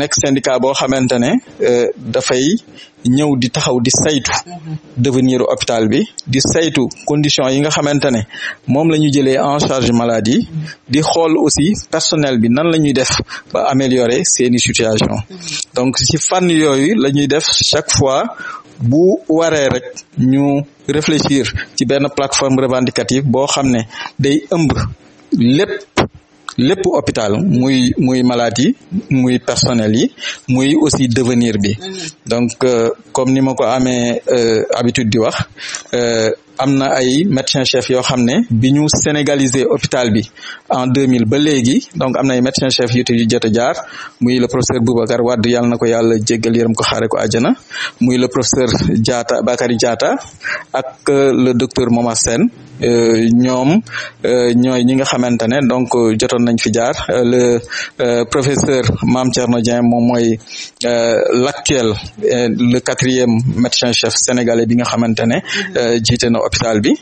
nekk syndicat boo xamante ne dafay ñëw di taxaw di saytu devenir hôpital bi di saytu condition yi nga xamante ne moom la ñu jëlee en charge maladie di xool aussi personnel bi nan la ñuy def ba améliorer seeni situation donc ci fànn yooyu la ñuy def chaque fois bu waree rek ñu réfléchir ci benn plateforme revendicative boo xam ne day ëmb lépp lépp hôpital muy muy malade muy personnel yi muy aussi devenir bi donc euh, comme ni ma ko amee euh, habitude di wax euh, am na ay médecin chef yoo xam ne bi ñu sénégaliser hôpital bi en mille ba léegi donc am na ay médecin chef yu yu jot a jaar muy le professeur Boubacar Wade yàlla na ko yàlla jéggal yërëm ko xaare ko àjjana muy le professeur jaata Bakary jaata ak le docteur Momar Sène Euh, ñoom euh, ñooy ñi nga xamante ne donc euh, jotoon nañ fi jaar le professeur Mame Thierno Dieng moom mooy l'actuel le quatrième médecin chef sénégalais bi nga xamante ne jiite na hôpital bi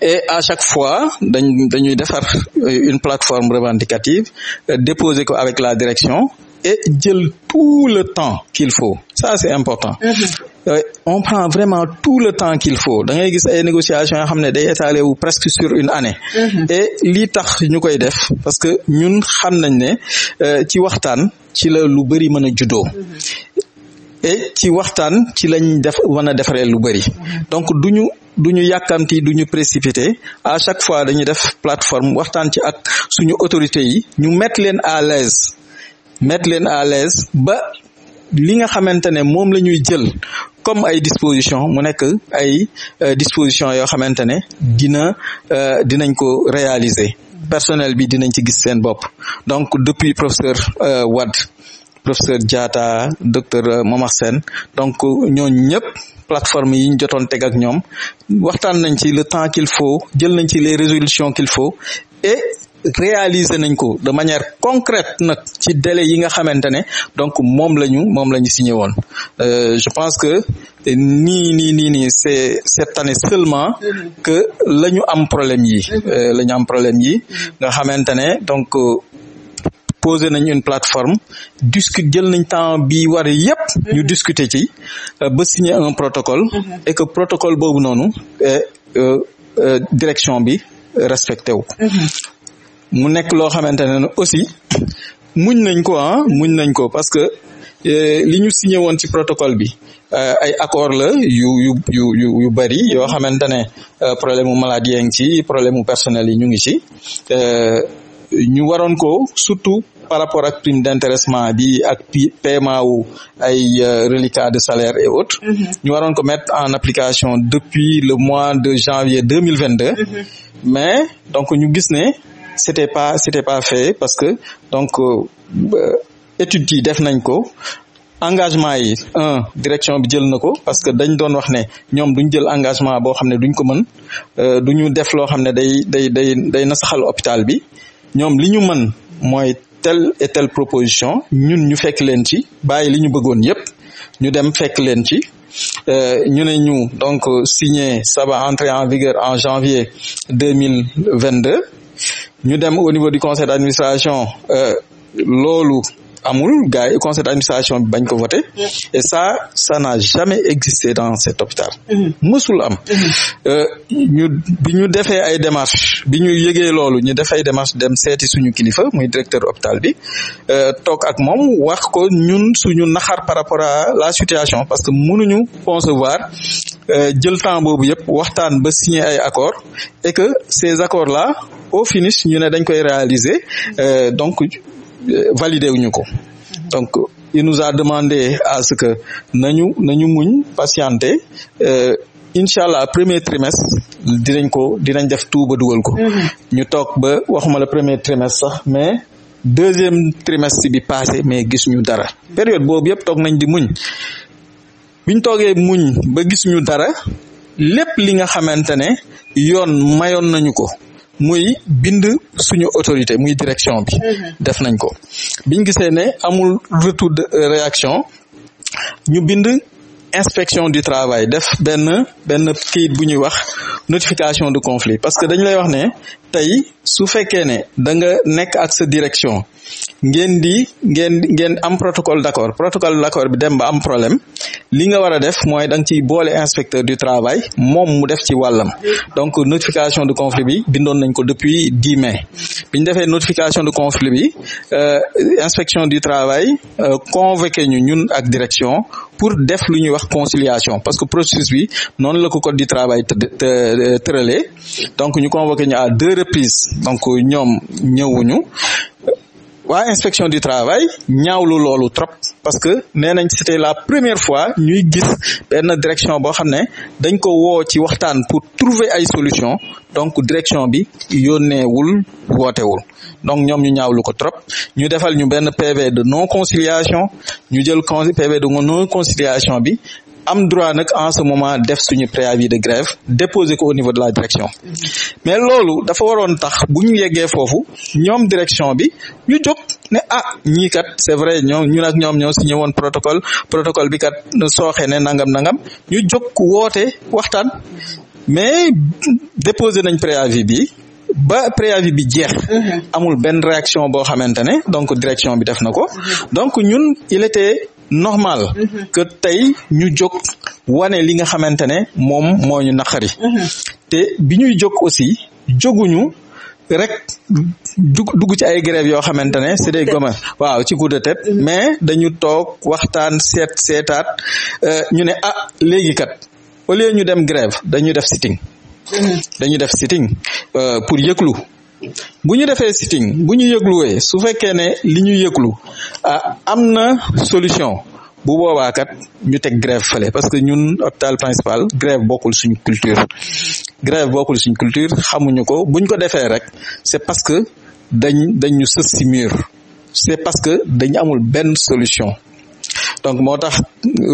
et à chaque fois dañ dañuy defar une plateforme revendicative déposer ko avec la direction et jël tout le temps qu'il faut ça c'est important mm-hmm. Euh, on prend vraiment tout le temps qu'il faut da ngay gis ay négociation yoo xam ne day étalé wu presque sur une année. Mm-hmm. et lii tax ñu koy def parce que ñun xam nañ ne euh, ci waxtaan ci la lu bëri mën a juddoo. Mm-hmm. et ci waxtaan ci lañ def mën a defaree lu bëri. Mm-hmm. donc duñu duñu yàkkamti duñu précipité à chaque fois dañuy def plateforme waxtaan ci ak suñu autorités yi ñu mettre leen à l'aise mettre leen à l'aise ba li nga xamante ne moom la ñuy jël comme ay disposition mu nekk ay euh, disposition yoo xamante ne dina euh, dinañ ko réaliser personnel bi dinañ ci gis seen bopp donc depuis professeur euh, wad professeur jaata docteur Momar seen donc ñooñu ñëpp plateforme yi ñu jotoon teg ak ñoom waxtaan nañ ci le temps qu'il faut jël nañ ci les résolutions qu'il faut et réaliser nañ ko de manière concrète nag ci délai yi nga xamante ne donc moom la ñu moom la ñu signé woon euh, je pense que nii nii nii nii c'est cette année seulement que la ñu am problème yi euh, la ñu am problème yi nga xamante ne donc euh, posé nañ une plateforme discute jël nañ temps bi war yépp ñu discuter ci ba signer un protocole et que protocole boobu noonu e direction bi respecté wu mu nekk loo xamante ne aussi muñ nañ ko ah muñ nañ ko parce que euh, li ñu signe woon ci protocole bi euh, ay accord la yu yu yu yu yu bëri yoo xamante ne euh, problème mu maladie yaa ngi ci problème mu personnel yi ñu ngi ci ñu waroon ko surtout par rapport ak prime d'intéressement bi ak paiement wu ay reliquats de salaire et autres mm-hmm. ñu waroon ko mettre en application depuis le mois de janvier deux mille vingt deux mm-hmm. mais donc ñu gis ne c'était pas c'était pas fait parce que donc euh, euh, étude yi def nañ ko engagement yi un direction bi jël na ko parce que dañ doon wax ne ñoom duñ jël engagement boo xam ne duñ ko mën euh, duñu def loo xam ne day day day day nasaxal hôpital bi ñoom li ñu mën mooy telle et telle proposition ñun ñu fekk leen ci bàyyi li ñu bëggoon yépp ñu dem fekk leen ci ñu ne ñu donc signé ça va entrer en vigueur en janvier deux vingt-deux ñu dem au niveau du conseil d'administration euh, loolu amul gars yi conseil d'administration bi bañ ko voté et ça ça n'a jamais existé dans cet hôpital mësul mm-hmm. am mm-hmm. euh, ñu bi ñu defee ay démarches bi ñu yëgee loolu ñu def ay démarches dem seeti suñu kilifa muy directeur hôpital bi euh, toog ak moom wax ko ñun suñu naxar par rapport à la situation parce que mënuñu concevoir euh, jël temps boobu yëpp waxtaan ba signer ay accords et que ces accords la au finish ñu ne dañ koy réaliser donc validé wuñu ko donc il nous a demandé que nañu nañu muñ patienté euh, incha allah premier trimestre dinañ ko dinañ def tout ba dugal ko mhm. ñu toog ba waxuma la premier trimestre sax mais deuxième trimestre bi passé mais gis ñu dara période boobu yëpp toog nañ di muñ biñ toogee muñ ba gis ñu dara lépp li nga xamante ne yoon mayoon nañu ko muy bind suñu autorité muy direction bi. Mm-hmm. def nañ ko biñ gisee ne amul retour de réaction ñu bind. inspection du travail def benn benn kayit bu ñuy wax notification de conflit parce que dañu lay wax ne tey su fekkee ne da nga nekk ak sa direction ngeen di ngeen ngeen am protocole d'accord protocole d'accord bi dem ba am problème li nga war a def mooy da nga ciy boole inspecteur du travail moom mu def ci wàllam donc notification de conflit bi bindoon nañ ko depuis dix mai bi ñu defee notification de conflit bi euh, inspection du travail euh, convoqué ñu ñun ak direction pour def lu ñuy wax conciliation parce que processus bi noonu la ko code du travail tëralee donc ñu convoqué ñu à deux reprises donc ñoom ñëwuñu waa inspection du travail ñaawlu loolu trop parce que nee nañ c'était la première fois ñuy gis benn direction boo xam ne dañ ko woo ci waxtaan pour trouver ay solution donc direction bi yónneewul wootewul donc ñoom ñu ñaawlu ko trop ñu defal ñu benn PV de non conciliation ñu jël PV de non conciliation bi am droit nag en ce moment def suñu préavis de grève déposer ko au niveau de la direction mais loolu dafa waroon tax bu ñu yeggee foofu ñoom direction bi ñu jóg ne ah ñii kat c'est vrai ñoom ñun ak ñoom ñoo signé woon protocole protocole bi kat sooxe ne nangam nangam ñu jóg woote waxtaan mais déposer nañ préavis bi. ba préavis bi jeex. Mm-hmm. amul benn réaction boo xamante ne donc direction bi def na ko. Mm-hmm. donc ñun il normal mhm. que tey ñu jog wane li nga xamante ne moom moo ñu naqari mhm. te bi ñuy jóg aussi jóguñu rek dug dugg ci ay grève yoo xamante ne c'est des gomme waaw ci coup de mhm. mais dañu toog waxtaan seet seetaat euh, ñu ne ah léegi kat au lieu ñu dem grève dañu def sitting dañu def sitting euh, pour yëglu bu ñu defee sitting bu ñu yëgluwee su fekkee ne li ñu yëglu ah am na solution bu boobaakat ñu teg grève fële parce que ñun hôpital principal grève bokkul suñu culture grève bokkul suñ culture xamuñu ko buñ ko defee rek c'est parce que dañ dañ ñu sës si mur c'est parce que dañ amul benn solution donc moo tax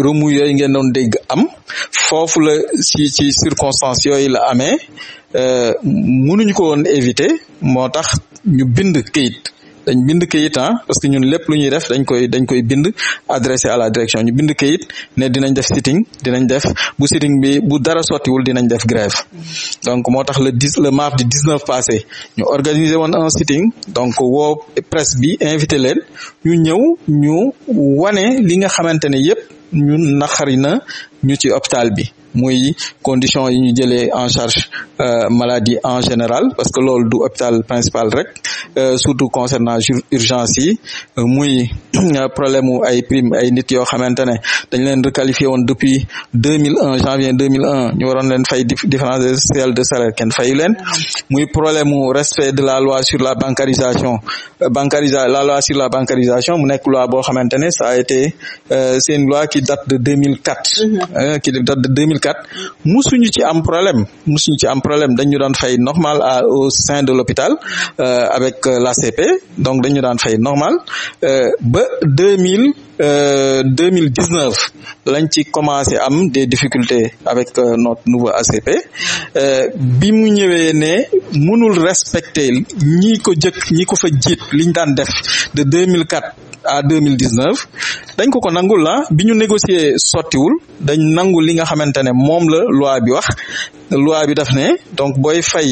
remous yooyu ngeen doon dégg am foofu la ci ci circonstances yooyu la amee euh, mënuñu ko woon éviter moo tax ñu bind këyit dañ bind kayit ah parce que ñun lépp lu ñuy def dañ koy dañ koy bind adressé à la direction ñu bind kayit ne dinañ def sitting dinañ def bu sitting bi bu dara sottiwul dinañ def grève donc moo tax le dis le mardi dix neuf passé ñu organiser woon un sitting donc woo presse bi invité leen ñu ñëw ñu wane li nga xamante ne yëpp ñun naqari na ñu ci hôpital bi muy condition yi ñu jëlee en charge euh, maladie en général parce que loolu du hôpital principal rek euh, surtout concernant urgence yi euh, muy problème wu ay prime ay nit yoo xamante ne dañ leen requalifié woon depuis deux mille un janvier deux mille un ñu waroon leen fay différence sociale de salaire kenn fay leen muy problème mu respect de la loi sur la bancarisation bancarisa la loi sur la bancarisation mu nekk loi boo xamante ne ça a été c'est une loi qui date de deux mille quatre mm-hmm. qui date de 2004 musuñu ci am problème musuñu ci am problème dañu daan fay normal à au sein de l'hôpital euh, avec euh, l'ACP donc dañu daan fay normal euh, ba 2000 deux mille euh, dix neuf lañ ci commencé am des difficultés avec euh, notre nouveau ACP bi mu ñëwee ne mënul respecter ñi ko jëkk ñi ko fa jiit liñ daan def de deux mille quatre deux mille dix neuf dañ ko ko nangul la ah, bi ñu négocier sottiwul dañ nangu li nga xamante ne moom la loi bi wax loi bi daf ne donc booy fay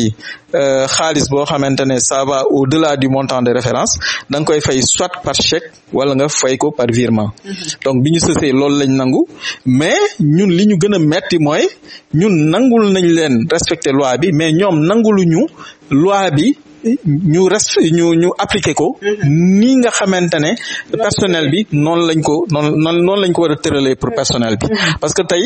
euh, xaalis boo xamante ne ça au delà du montant de référence da koy fay soit par chèque wala nga fay ko par virement mhm. donc bi ñu sësee loolu lañ nangu mais ñun li ñu gën a metti mooy ñun nangul nañ leen respecter loi bi mais ñoom nanguluñu loi bi ñu rest ñu ñu appliqué ko mhm. nii nga xamante ne personnel bi noon lañ ko noonu noonu lañ ko war a tëralee pour personnel bi mhm. parce que tey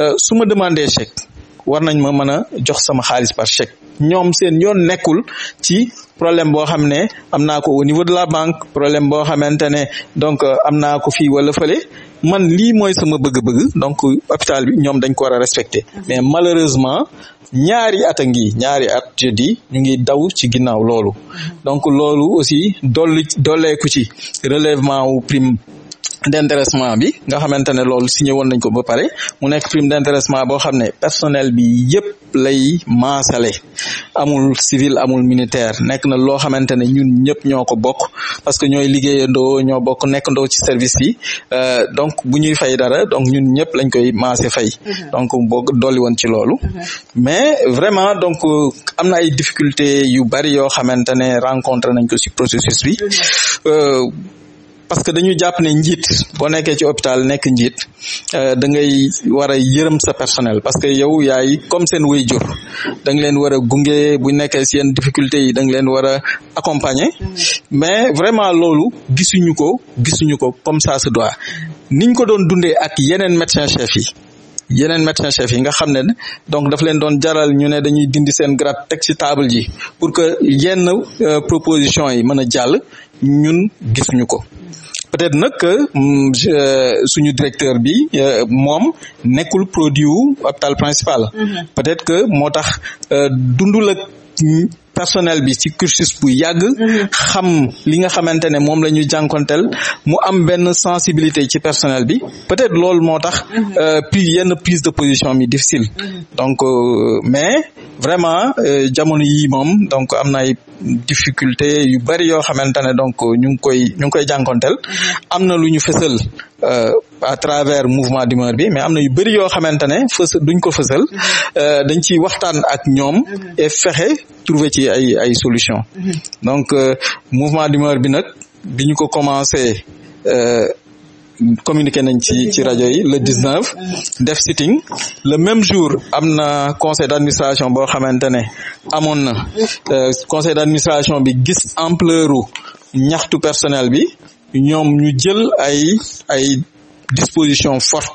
euh, su ma demandé chèque war nañ ma a jox sama xaalis par chèque ñoom seen yoon nekkul ci problème boo xam ne am naa ko au niveau de la banque problème boo xamante ne donc euh, am naa ko fii wala fële man lii mooy sama bëgg-bëgg donc hôpital bi ñoom dañ ko war a respecté mais malheureusement ñaari at a ngi ñaari at je ñu ngi daw ci ginnaaw loolu mm-hmm. donc loolu aussi dolleeku ci relèvement wu prime d'intéressement bi nga xamante ne loolu signé woon nañ ko ba pare mu nekk prime d'intéressement boo xam ne personnel bi yëpp lay maasale amul civil amul militaire nekk na loo xamante ne ñun ñëpp ñoo ko bokk parce que ñooy liggéeyandoo ñoo bokk nekk nekkandoo ci service bi euh, donc bu ñuy fay dara donc ñun ñëpp lañ koy maase fay mhm. donc boo ci loolu mhm. mais vraiment donc euh, am na ay difficultés yu bari yoo xamante ne rencontré nañ ko ci processus bi mhm. euh, parce que dañuy jàpp ne njiit boo nekkee ci hôpital nekk njiit euh, da ngay war a yërëm sa personnel parce que yow yaay comme seen way jur da leen war a gunge bu nekkee si yenn difficulté yi da nga leen war a accompagner mais vraiment loolu gisuñu ko gisuñu ko comme ça se doit niñ ko doon dundee ak yeneen médecin chef yi yeneen médecin chef yi nga xam ne donc daf leen doon jaral ñu ne dañuy dindi seen grade teg ci table yi pour que yenn euh, proposition yi mën a jàll ñun gisuñu ko peut-être nag suñu directeur bi euh, moom nekkul produit wu hôpital principal. Mm-hmm. peut-être que moo tax euh, dundul ak personnel bi ci cursus bu yàgg mhm. xam li nga xamante ne moom la ñu jànkonteel mu am benn sensibilité ci personnel bi peut-être loolu moo tax mhm. euh, puis yenn prise de position mi difficile mhm. donc euh, mais vraiment euh, jamono yi moom donc am na ay difficulté yu bari yoo xamante ne donc ñu ngi koy ñu ngi koy jànkonteel am na lu ñu fësal à travers mouvement d'humeur bi mais am na yu bëri yoo xamante ne fës duñ ko fësal mm-hmm. euh, dañ ciy waxtaan ak ñoom mm-hmm. et fexe trouver ci ay ay solution mm-hmm. donc euh, mouvement d'humeur bi nag bi ñu ko commencé euh, communiqué nañ ci ci rajo yi le 19 def sitting le même jour am na conseil d'administration boo xamante ne amoon na conseil d'administration bi gis ampleuru ñaxtu personnel bi ñoom ñu jël ay ay disposition fort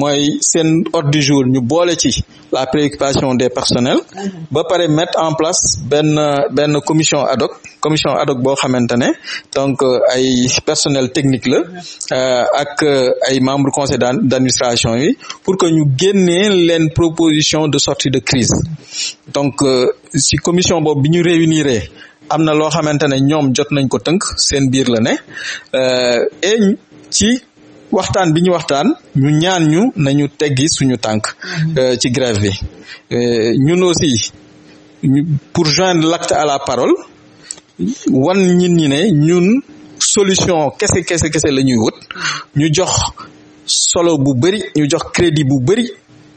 mooy seen ordre du jour ñu boole ci la préoccupation des personnels mm-hmm. ba pare mettre en place benn benn commission ad hoc commission ad boo xamante ne donc euh, ay personnel technique la euh, ak euh, ay membres conseil d'administration yi pour que ñu génnee leen proposition de sortie de crise donc si commission boobu bi ñu réunir am na loo xamante ne ñoom jot nañ ko tënk seen biir la ne et ci waxtaan bi ñu waxtaan ñu ñaan ñu nañu teggi suñu tànk euh, ci grave bi euh, ñun aussi pour joindre l'acte à la parole wan ñit ñi ne ñun solution kese kese kese la ñuy wut ñu jox solo bu bëri ñu jox crédit bu bëri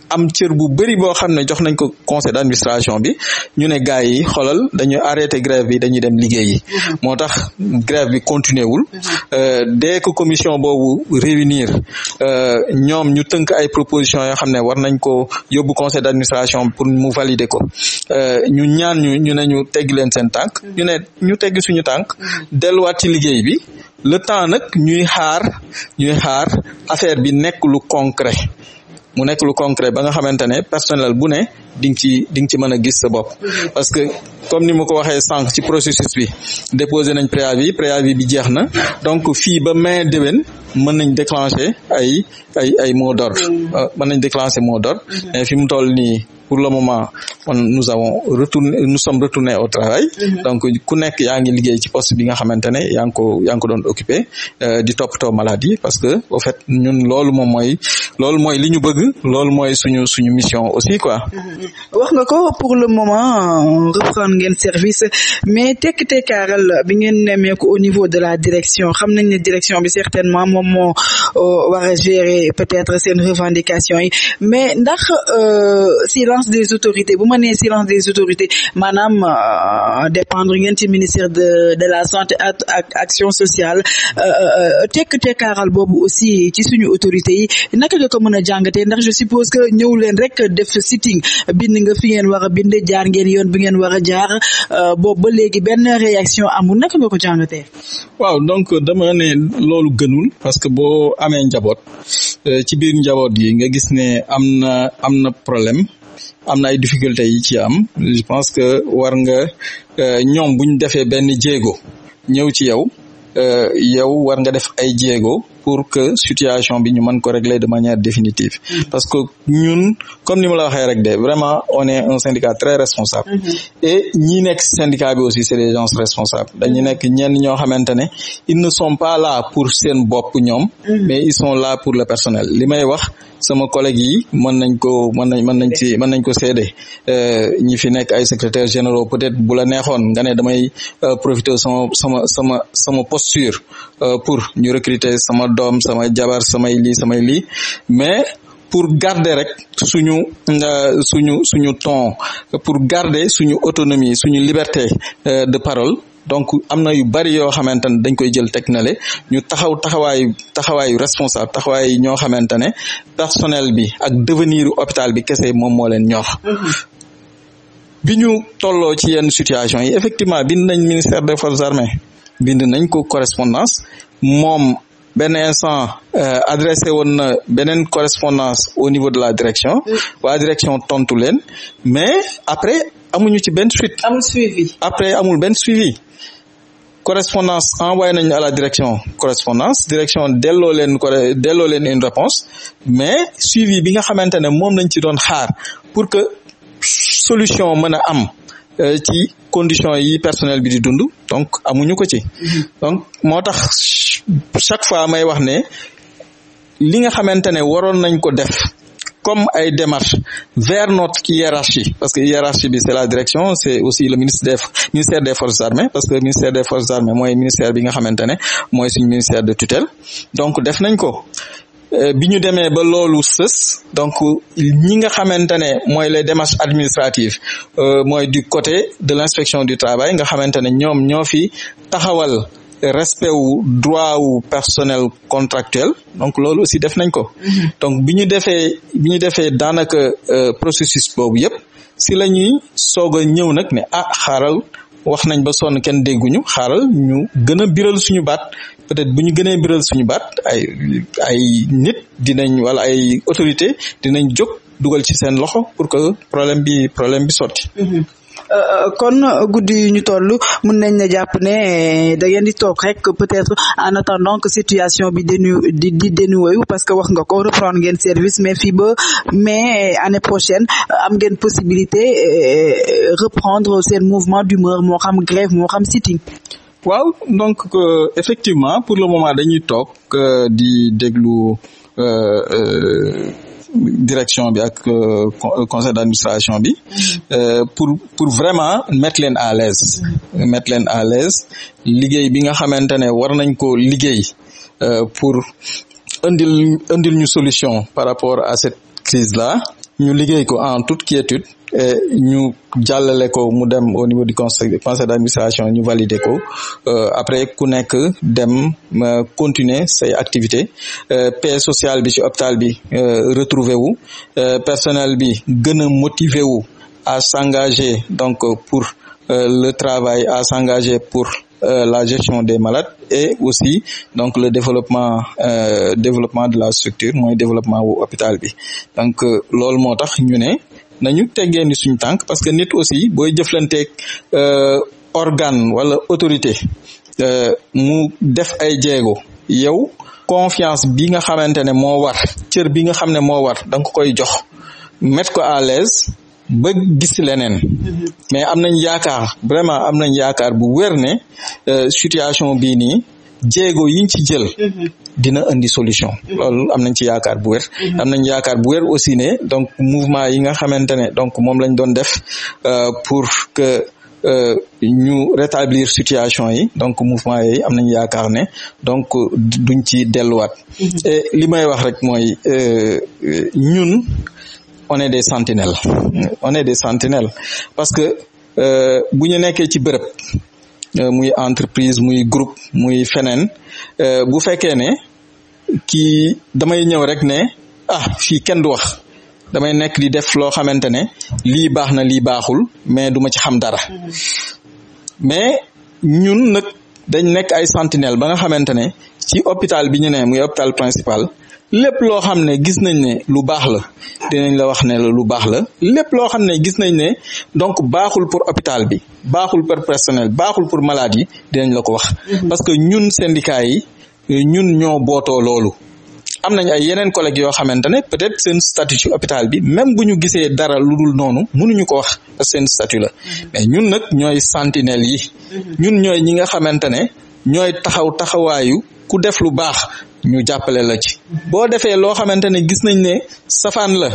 am cër bu bëri boo xam ne jox nañ ko conseil d'administration bi ñu ne gars yi xoolal dañuy arrêté grève bi dañuy dem liggéeyi mm-hmm. moo tax grève bi continuer wul mm-hmm. euh, dès que commission boobu réunir euh, ñoom ñu tënk ay propositions yoo xam ne war nañ ko yóbbu conseil d'administration pour mu valider ko euh, ñu ñaan ñu ñu ne ñu tegg leen seen tànk mm-hmm. ñu ne ñu tegg suñu tànk delluwaat ci liggéey bi le temps nag ñuy xaar ñuy xaar affaire bi nekk lu concret mu nekk lu concret ba nga xamante ne personnel bu ne di nga ci di nga ci mën a gis sa bopp parce que comme ni ma ko waxee sànq ci processus bi déposé nañ préavis préavis bi jeex na donc fii ba mai déwén mën nañ déclencher ay ay ay mot d'ordre mm. euh, mën nañ déclencher mot d'ordre mm-hmm. mais fi mu toll nii pour le moment on nous avons retourné nous sommes retournés au travail mhm. donc ku nekk yaa ngi ci poste bi nga xamante ne yaa ngi ko yaa ngi ko doon occupé euh, di toppatoo parce que o fait ñun loolu moom mooy loolu mooy li ñu bëgg loolu mooy suñu suñu mission aussi quoi mhm. wax nga ko pour le moment reprendre ngeen service mais tekk tekkaaral bi ngeen nemmeeku au niveau de la direction xam nañ ne direction bi certainement moom moo euh, war a gérer peut-être seen revendication yi mais ndax euh, si silence des autorités bu ma nee silence des autorités maanaam euh, dépendre ngeen ci ministère de de la santé ak action sociale euh, euh, tekk tekkaaral boobu aussi ci suñu autorités yi naka nga ko mën a jàngatee ndax je suppose que ñëw leen rek def sitting bind nga fi ngeen war a bind jaar ngeen yoon bu ngeen war a jaar boobu ba léegi benn réaction amul naka nga ko jàngatee. waaw donc dama ne loolu gënul parce que boo amee njaboot ci biir njaboot yi nga gis ne am na am na problème. am na ay difficultés yi ci am je pense que war nga euh, ñoom bu ñu defee benn jéego ñëw ci yow euh, yow war nga def ay jéego pour que situation bi ñu mën ko régler de manière définitive mm-hmm. parce que ñun comme ni ma la waxee rek de vraiment on est un syndicat très responsable mm-hmm. et ñi nekk syndicat bi aussi c'est des gens responsables dañu nekk ñenn ñoo xamante ne ils ne sont pas là pour seen bopp ñoom mm-hmm. mais ils sont là pour le personnel li may wax sama collègue yi mën nañ ko mën nañ mën nañ ci mën nañ ko seede euh, ñi fi nekk ay secrétaire générau peut-être bu la neexoon nga ne damay euh, profiter sama sama sama sama posture euh, pour ñu recruter sama doom sama jabar samay lii samay lii mais pour garder rek suñu suñu suñu ton pour garder suñu autonomie suñu liberté de parole donc am na yu bari yoo xamante ne dañ koy jël teg nale ñu taxaw taxawaayu taxawaayu responsable taxawaayu ñoo xamante ne personnel bi ak devenir hôpital bi kese moom moo leen ñor. Mm-hmm. bi ñu tolloo ci yenn situation yi effectivement bind nañ ministère des forces armées bind nañ ko correspondance moom benn instant euh, adressé woon na beneen correspondance au niveau de la direction waa direction tontu leen mais après amuñu ci benn suite amul suivi après amul benn suivi correspondance envoyé nañ à la direction correspondance direction delloo leen delloo leen une réponse mais suivi bi nga xamante ne moom lañ ci doon xaar pour que solution mën a am euh, ci condition yi personnel bi di dund donc amuñu ko ci mm-hmm. donc chaque fois may wax ne li nga xamante ne waroon nañ ko def comme ay démarches vers notre hiérarchie parce que hiérarchie bi c'est la direction c'est aussi le ministre des ministère des forces armées parce que ministère des forces armées mooy ministère bi nga xamante ne mooy suñu ministère de tutelle donc def nañ ko euh, bi ñu demee ba loolu sës donc ñi nga xamante ne mooy les démarches administratives euh, mooy du côté de l'inspection du travail nga xamante ne ñoom ñoo fi taxawal respect wu droit wu personnel contractuel donc loolu aussi def nañ ko mhm. donc bi ñu defee bi ñu defee daanaka euh, processus boobu yépp si la ñuy soog a ñëw nag ne ah xaaral wax nañ ba sonn kenn dégguñu xaaral ñu gën a biral suñu baat peut-être bu ñu gënee biral suñu baat ay ay nit dinañ wala ay autorité dinañ jóg dugal ci seen loxo pour que problème bi problème bi sotti mhm. Euh, kon guddi yu ñu toll mën nañ ne jàpp ne euh, da ngeen di toog rek peut-être en attendant que situation bi dénu di di dénoué parce que wax nga ko reprendre ngeen service mais fii ba mais euh, année prochaine am ngeen possibilité reprendre seen mouvement d'humeur moo xam grève moo xam sitting waaw donc euh, effectivement pour le moment dañuy toog di déglu direction bi ak euh, euh, conseil d'administration bi mm-hmm. euh, pour pour vraiment mettre leen à l'aise mm-hmm. mettre leen à l'aise liggéey bi nga xamante ne war nañ ko liggéey pour indil indil ñu solution par rapport à cette crise là ñu liggéey ko en toute quiétude Euh, ñu jàllale ko mu dem au niveau du conseil conseil d'administration ñu valider ko euh, après ku nekk dem continuer say activité euh, paix sociale bi si hôpital bi retrouver wu personnel bi gën a motiver wu à s'engager donc pour le travail à s'engager pour Euh, la gestion des malades et aussi donc le développement euh, développement de la structure mooy développement wu hôpital bi donc euh, loolu moo tax ñu ne nañu teggee ni suñu tànk parce que nit aussi booy jëflanteeg euh, organ wala autorité euh, mu def ay jéego yow confiance bi nga xamante ne moo war cër bi nga xam ne moo war da koy jox mettre ko à l'aise ba gis leneen mais am nañ yaakaar vraiment am nañ yaakaar bu wér ne euh, situation bii nii jéego yiñ ci jël mhm. dina indi solution mhm. loolu am nañ ci yaakaar bu wér mhm. am nañ yaakaar bu wér aussi ne donc mouvement yi nga xamante ne donc moom lañ doon def euh, pour que euh, ñu rétablir situation yi donc mouvement yooyu am nañu yaakaar ne donc duñ ci delluwaat et li may wax rek mooy euh, ñun on des sentinelles on des sentinelles parce que bu ñu nekkee ci bërëb Euh, muy entreprise muy groupe muy feneen euh, bu fekkee ne kii damay ñëw rek ne ah fii kenn du wax damay nekk di def loo xamante ne lii baax na lii baaxul mais duma ci xam dara mais ñun nag dañ nekk ay sentinelle ba nga xamante ne ci hôpital bi ñu ne muy hôpital principal lépp loo xam ne gis nañ ne lu baax la dinañ la wax ne la lu baax la lépp loo xam ne gis nañ ne donc baaxul pour hôpital bi baaxul pour personnel baaxul pour malade yi dinañ la ko wax. Mhm. parce que ñun syndicat yi ñun ñoo bootoo loolu. am nañ ay yeneen collègues yoo xamante ne peut-être seen statut ci hôpital bi même bu ñu gisee dara lu dul noonu mënuñu ko wax seen statut la mhm. mais ñun nag ñooy sentinelle yi. Mhm. ñun ñooy ñi nga xamante ne ñooy taxaw taxawaayu. ku def lu baax ñu jàppale la ci boo defee loo xamante ne gis nañ ne safaan la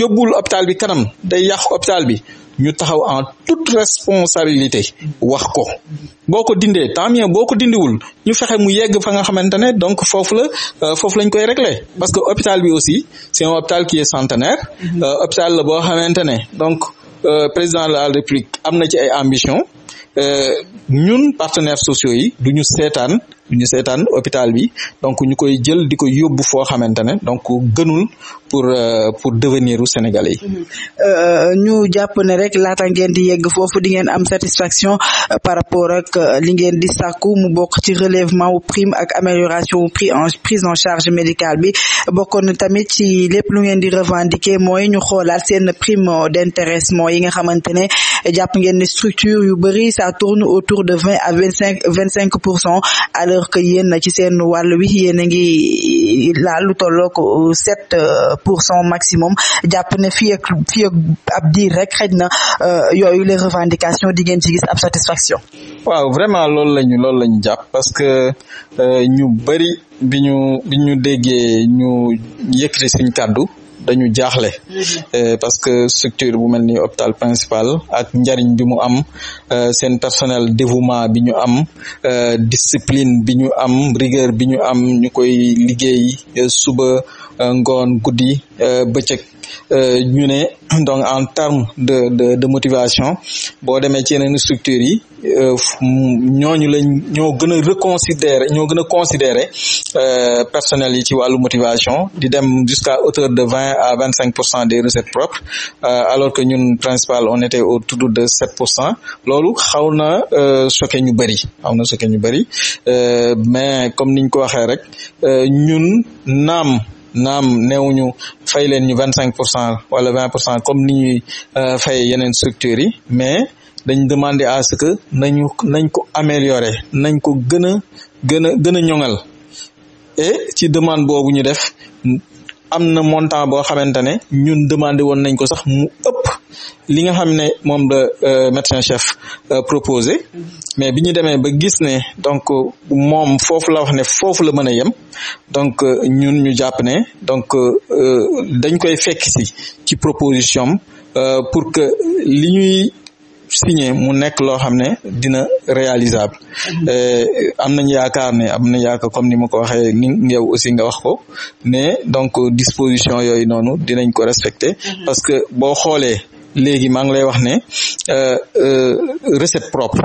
yóbbul hôpital bi kanam day yàq hôpital bi ñu taxaw en toute responsabilité wax ko boo ko dindee tant boo ko dindiwul ñu fexe mu yegg fa nga xamante ne donc foofu la euh, foofu lañ koy régler parce que hôpital bi aussi c'est un hôpital qui est centenaire mm-hmm. euh, hôpital boo xamante ne donc euh, président de la République am na ci ay ambition ñun partenaire sociaux yi du ñu seetaan ñu seetaan hôpital bi donc ñu koy jël di ko yóbbu foo xamante ne donc gënul pour euh, pour devenir u sénégalais yi. Mhm. Euh, ñu jàpp ne rek laata ngeen di yegg foofu di ngeen am satisfaction euh, par rapport ak li ngeen di sàkku mu bokk ci relèvement wu ak amélioration wu prix en prise en charge médicale bi bokkoon tamit ci lépp lu ngeen di revendiquer mooy ñu xoolaat seen prime d'intéressement yi nga xamante ne jàpp ngeen ne structure yu bari ça tourne autour de vingt à vingt cinq vingt cinq pour alors que yéen ci seen wàll wi yéen a ngi euh, laal lu tolloog sept euh, pour cent maximum jàpp ne fii ak fii ak ab rek xëj na euh, yooyu les revendications di ngeen ci gis ab satisfaction. waaw vraiment loolu lañu loolu lañu jàpp parce que ñu bëri bi ñu bi ñu déggee ñu yëkkati suñ kàddu. dañu jaaxle euh, parce que structure bu mel ni hôpital principal ak njariñ bi mu am euh, seen personnel dévoument bi ñu am euh, discipline bi ñu am rigueur bi ñu am ñu koy liggéey suba ngoon guddi bëccëg Euh, ñu ne donc en terme de de de motivation boo demee ci yeneen structures yi euh, ñooñu lañ ñoo gën a reconsidérer ñoo gën a considérer euh, personnel yi ci wàllu motivation di dem jusqu'à hauteur de vingt à vingt cinq pour cent des recettes propres alors que ñun principal on était autour de sept pour cent loolu xaw na choqué ñu bëri xaw na choqué ñu bëri mais comme niñ ko waxee rek ñun naam naam neewuñu fay leen ñu vingt cinq pour cent wala vingt pour cent comme ni ñuy euh, fay yeneen structures yi mais dañ demander à que nañu nañ ko améliorer nañ ko gën a gën a gën a ñoŋal e ci demande boobu ñu def am na montant boo xamante ne ñun demandé woon nañ ko sax mu ëpp li nga xam ne moom la euh, médecin chef euh, proposé mais bi ñu demee ba gis ne donc moom foofu la wax ne foofu la mën a yem donc euh, ñun ñu jàpp ne donc dañ koy fekk si ci proposition pour que li ñuy signé mu nekk loo xam ne dina réalisable am nañ yaakaar ne am nañ yaakaar comme ni ma ko waxee ni yow aussi nga wax ko ne donc disposition yooyu noonu dinañ ko respecté mm-hmm. parce que boo xoolee léegi maa ngi lay wax ne euh, euh, recette propre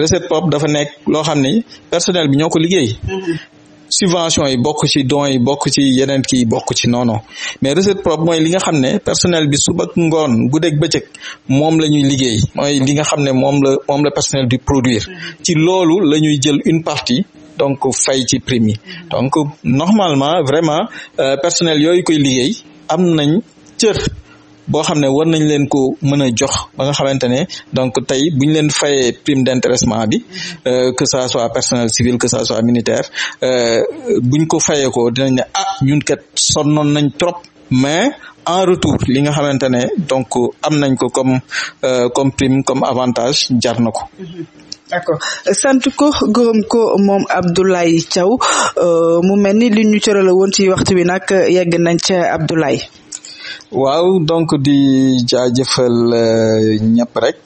recette propre dafa nekk loo xam ne personnel bi ñoo ko liggéey. subvention yi bokk ci dons yi bokk ci yeneen kii bokk ci noono mais recette propre mooy li nga xam ne personnel bi suba ak ngoon guddeeg bëccëg moom la ñuy liggéey mooy li nga xam ne moom la moom la personnel di produire ci loolu la ñuy jël une partie donc fay ci prime yi donc normalement vraiment euh, personnel yooyu koy liggéey am nañ cër boo xam ne war nañ leen ko mën a jox ba nga xamante ne donc tey bu leen fayee prime d'intéressement bi euh, que ça soit personnel civil que ça soit militaire euh, buñ ko fayee ko dinañ ne ah ñun kat nañ trop mais en retour li nga xamante ne donc am nañ ko comme euh, comme prime comme avantage jar na ko d'accord sant ko gërëm ko moom Abdoulaye Thiaw mu mel ni li ñu cërale woon ci waxtu bi nag yegg nañ ca Abdoulaye waaw donc di jaajëfal euh, ñëpp rek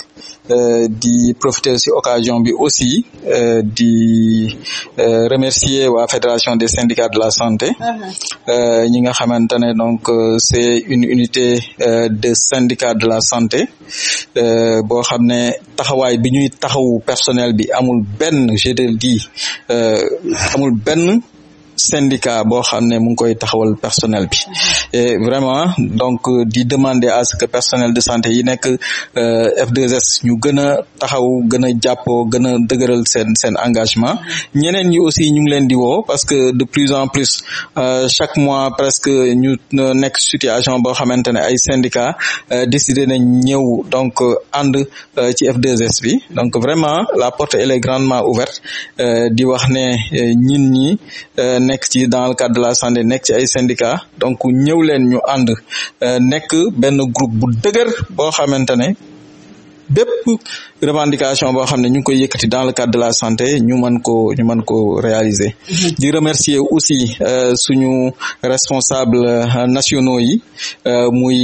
euh, di profiter ci occasion bi aussi euh, di remercier waa fédération des syndicats de la santé uh-huh. ñi nga xamante ne donc c'est une unité de syndicats de la santé boo xam ne taxawaay bi ñuy taxawu personnel bi amul benn je te dis amul benn syndicat boo xam ne mu ngi koy taxawal personnel bi e vraiment donc euh, di demander à que personnel de santé yi nekk euh, F2S ñu gën a taxaw gën a jàppoo gën a dëgëral seen seen engagement mm-hmm. ñeneen ñi aussi ñu ngi leen di woo parce que de plus en plus euh, chaque mois presque ñu nekk situation boo xamante ne ay syndicat décidé nañ ñëw donc ànd ci F2S bi donc vraiment la porte elle est grandement ouverte di wax ne ñin ñi nekk ci dans le cadre de la santé nekk ci ay syndicat donc ñëw leen ñu ànd euh, nekk benn groupe bu dëgër boo xamante ne bépp revendication boo xam ne ñu ngi koy yëkkati dans le cadre de la santé ñu mën ko ñu mën ko réaliser mhm. di remercier aussi euh, suñu responsable euh, nationaux yi euh, muy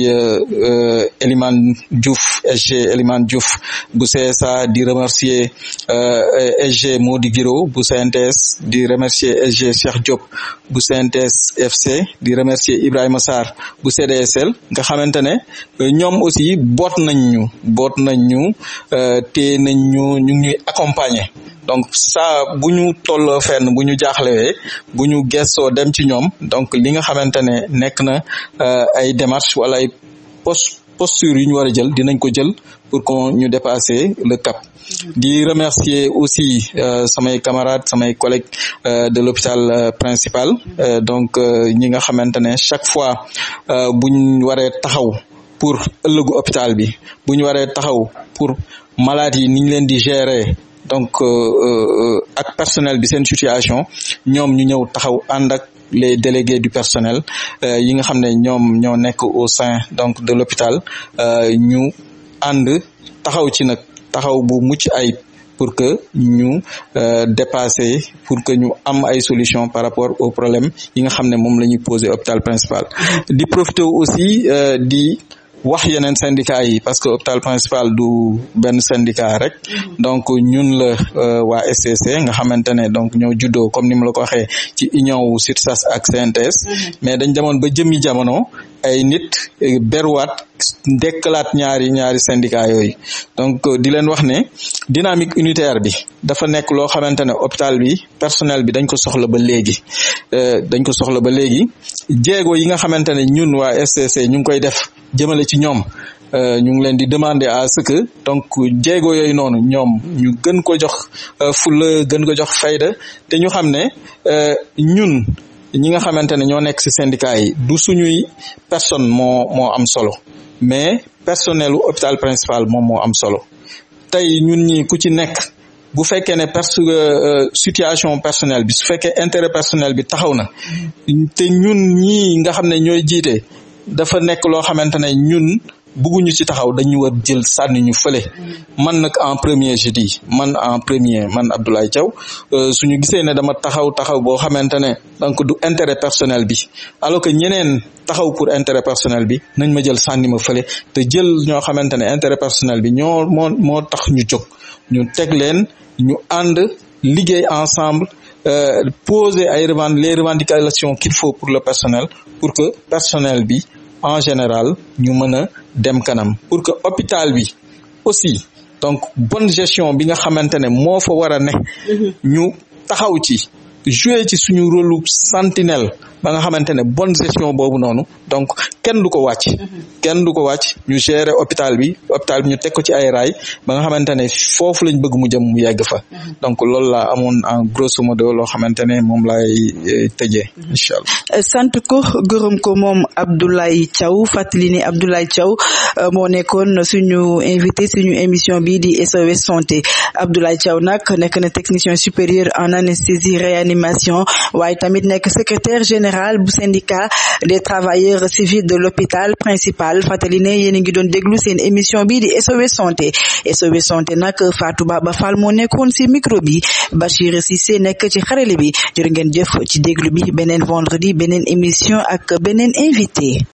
Elimane Diouf SG Elimane Diouf bu CSA di remercier SG Mody Guiro bu CNTS di remercier SG Cheikh Diop bu CNTS FC di remercier Ibrahima Sarr bu CDSL nga xamante ne ñoom aussi boot nañ boot nañ ñu téye nañ ñu ñu ngi ñuy accompagner donc ça bu ñu tolloo fenn bu ñu jaaxlewee bu ñu gëstoo dem ci ñoom donc li nga xamante ne nekk na euh, ay démarche wala ay post posture yu ñu war a jël dinañ ko jël pour qu'on ñu dépasser le cap mm-hmm. di remercier aussi euh, samay camarades samay collègues euh, de l'hôpital euh, principal euh, donc euh, ñi nga xamante ne chaque fois buñ waree taxaw pour ëllëgu hôpital bi bu waree taxaw pour malades yi ni ñu leen di gérer donc euh, euh, ak personnel bi seen situation ñoom ñu ñëw taxaw ànd ak les délégués du personnel euh, yi nga xam ne ñoom ñoo nekk au sein donc de l'hôpital ñu ànd taxaw ci nag taxaw bu mucc ay pour que ñu dépasser pour que ñu am ay solution par rapport au problème yi nga xam ne moom la ñuy poser hôpital principal di profiter aussi di wax yeneen syndicat yi parce que hôpital principal du benn syndicat rek mm-hmm. donc ñun la euh, waa SCC nga xamante ne donc ñoo juddoo comme ni mu la ko waxee ci union wu SUTSAS ak CNTS mm-hmm. mais dañ demoon ba jëmmi jamono ay nit euh, berwaat dekkalaat ñaari ñaari syndicat yooyu donc euh, di leen wax ne dynamique unitaire bi dafa nekk loo xamante ne hôpital bi personnel bi dañ ko soxla ba léegi dañ ko soxla ba léegi jéego yi nga xamante ne ñun waa SCC ñu ngi koy def jëmale ci ñoom euh, ñu ngi leen di demander à ce que donc jéego yooyu noonu ñoom ñu gën ko jox euh, fula gën ko jox fayda te ñu xam ne euh, ñun ñi nga xamante ne ñoo nekk ci syndicat yi du suñuy personne moo moo am solo mais personnelu hôpital principal moom moo am solo tey ñun ñi ku ci nekk bu fekkee ne perso situation personnelle bi su fekkee intéret personnel bi taxaw na te ñun ñii nga xam ne ñooy jiite dafa nekk loo xamante ne ñun bugguñu ci taxaw dañu war jël sànni ñu fële man nag en premier je man en premier man Abdoulaye Thiaw euh, suñu gisee ne dama taxaw taxaw boo xamante ne donc du intéret personnel bi alors que ñeneen taxaw pour intérêt personnel bi nañ ma jël sànni ma fële te jël ñoo xamante ne intérêt personnel bi ñoo moo moo tax ñu jog ñu teg leen ñu ànd liggéey ensemble Euh, poser ay revend les revendications qu'il faut pour le personnel pour que personnel bi en général ñu mën a dem kanam pour que hôpital bi aussi donc bonne gestion bi nga xamante ne moo fa war a ne mm-hmm. ñu taxaw ci jouer ci suñu rôle sentinelle ba nga xamante ne bonne gestion boobu noonu donc kenn du ko wàcc mm-hmm. kenn du ko wàcc ñu gérer hôpital bi hôpital bi ñu teg ko ci ay raay ba nga xamante ne foofu lañ bëgg mu jëm mu yegg fa mm-hmm. donc loolu laa amoon en grosso modo loo xamante ne moom lay eh, tëjee mm-hmm. incha allah euh, sant ko gërëm ko moom Abdoulaye caw fàttali ni Abdoulaye caw euh, moo nekkoon suñu invité suñu émission bi di SOS santé Abdoulaye Thiaw nag nekk na technicien supérieur en anesthésie réanimation waaye général bu syndicat des travailleurs civils de l'hôpital principal fàttali ne yéen a ngi doon déglu seen émission bi di SOS santé SOS santé nag Fatou ba Fall moo nekkoon si micro bi Bachir Cissé nekk ci xarele bi jërë ngeen jëf ci déglu bi beneen vendredi beneen émission ak beneen invité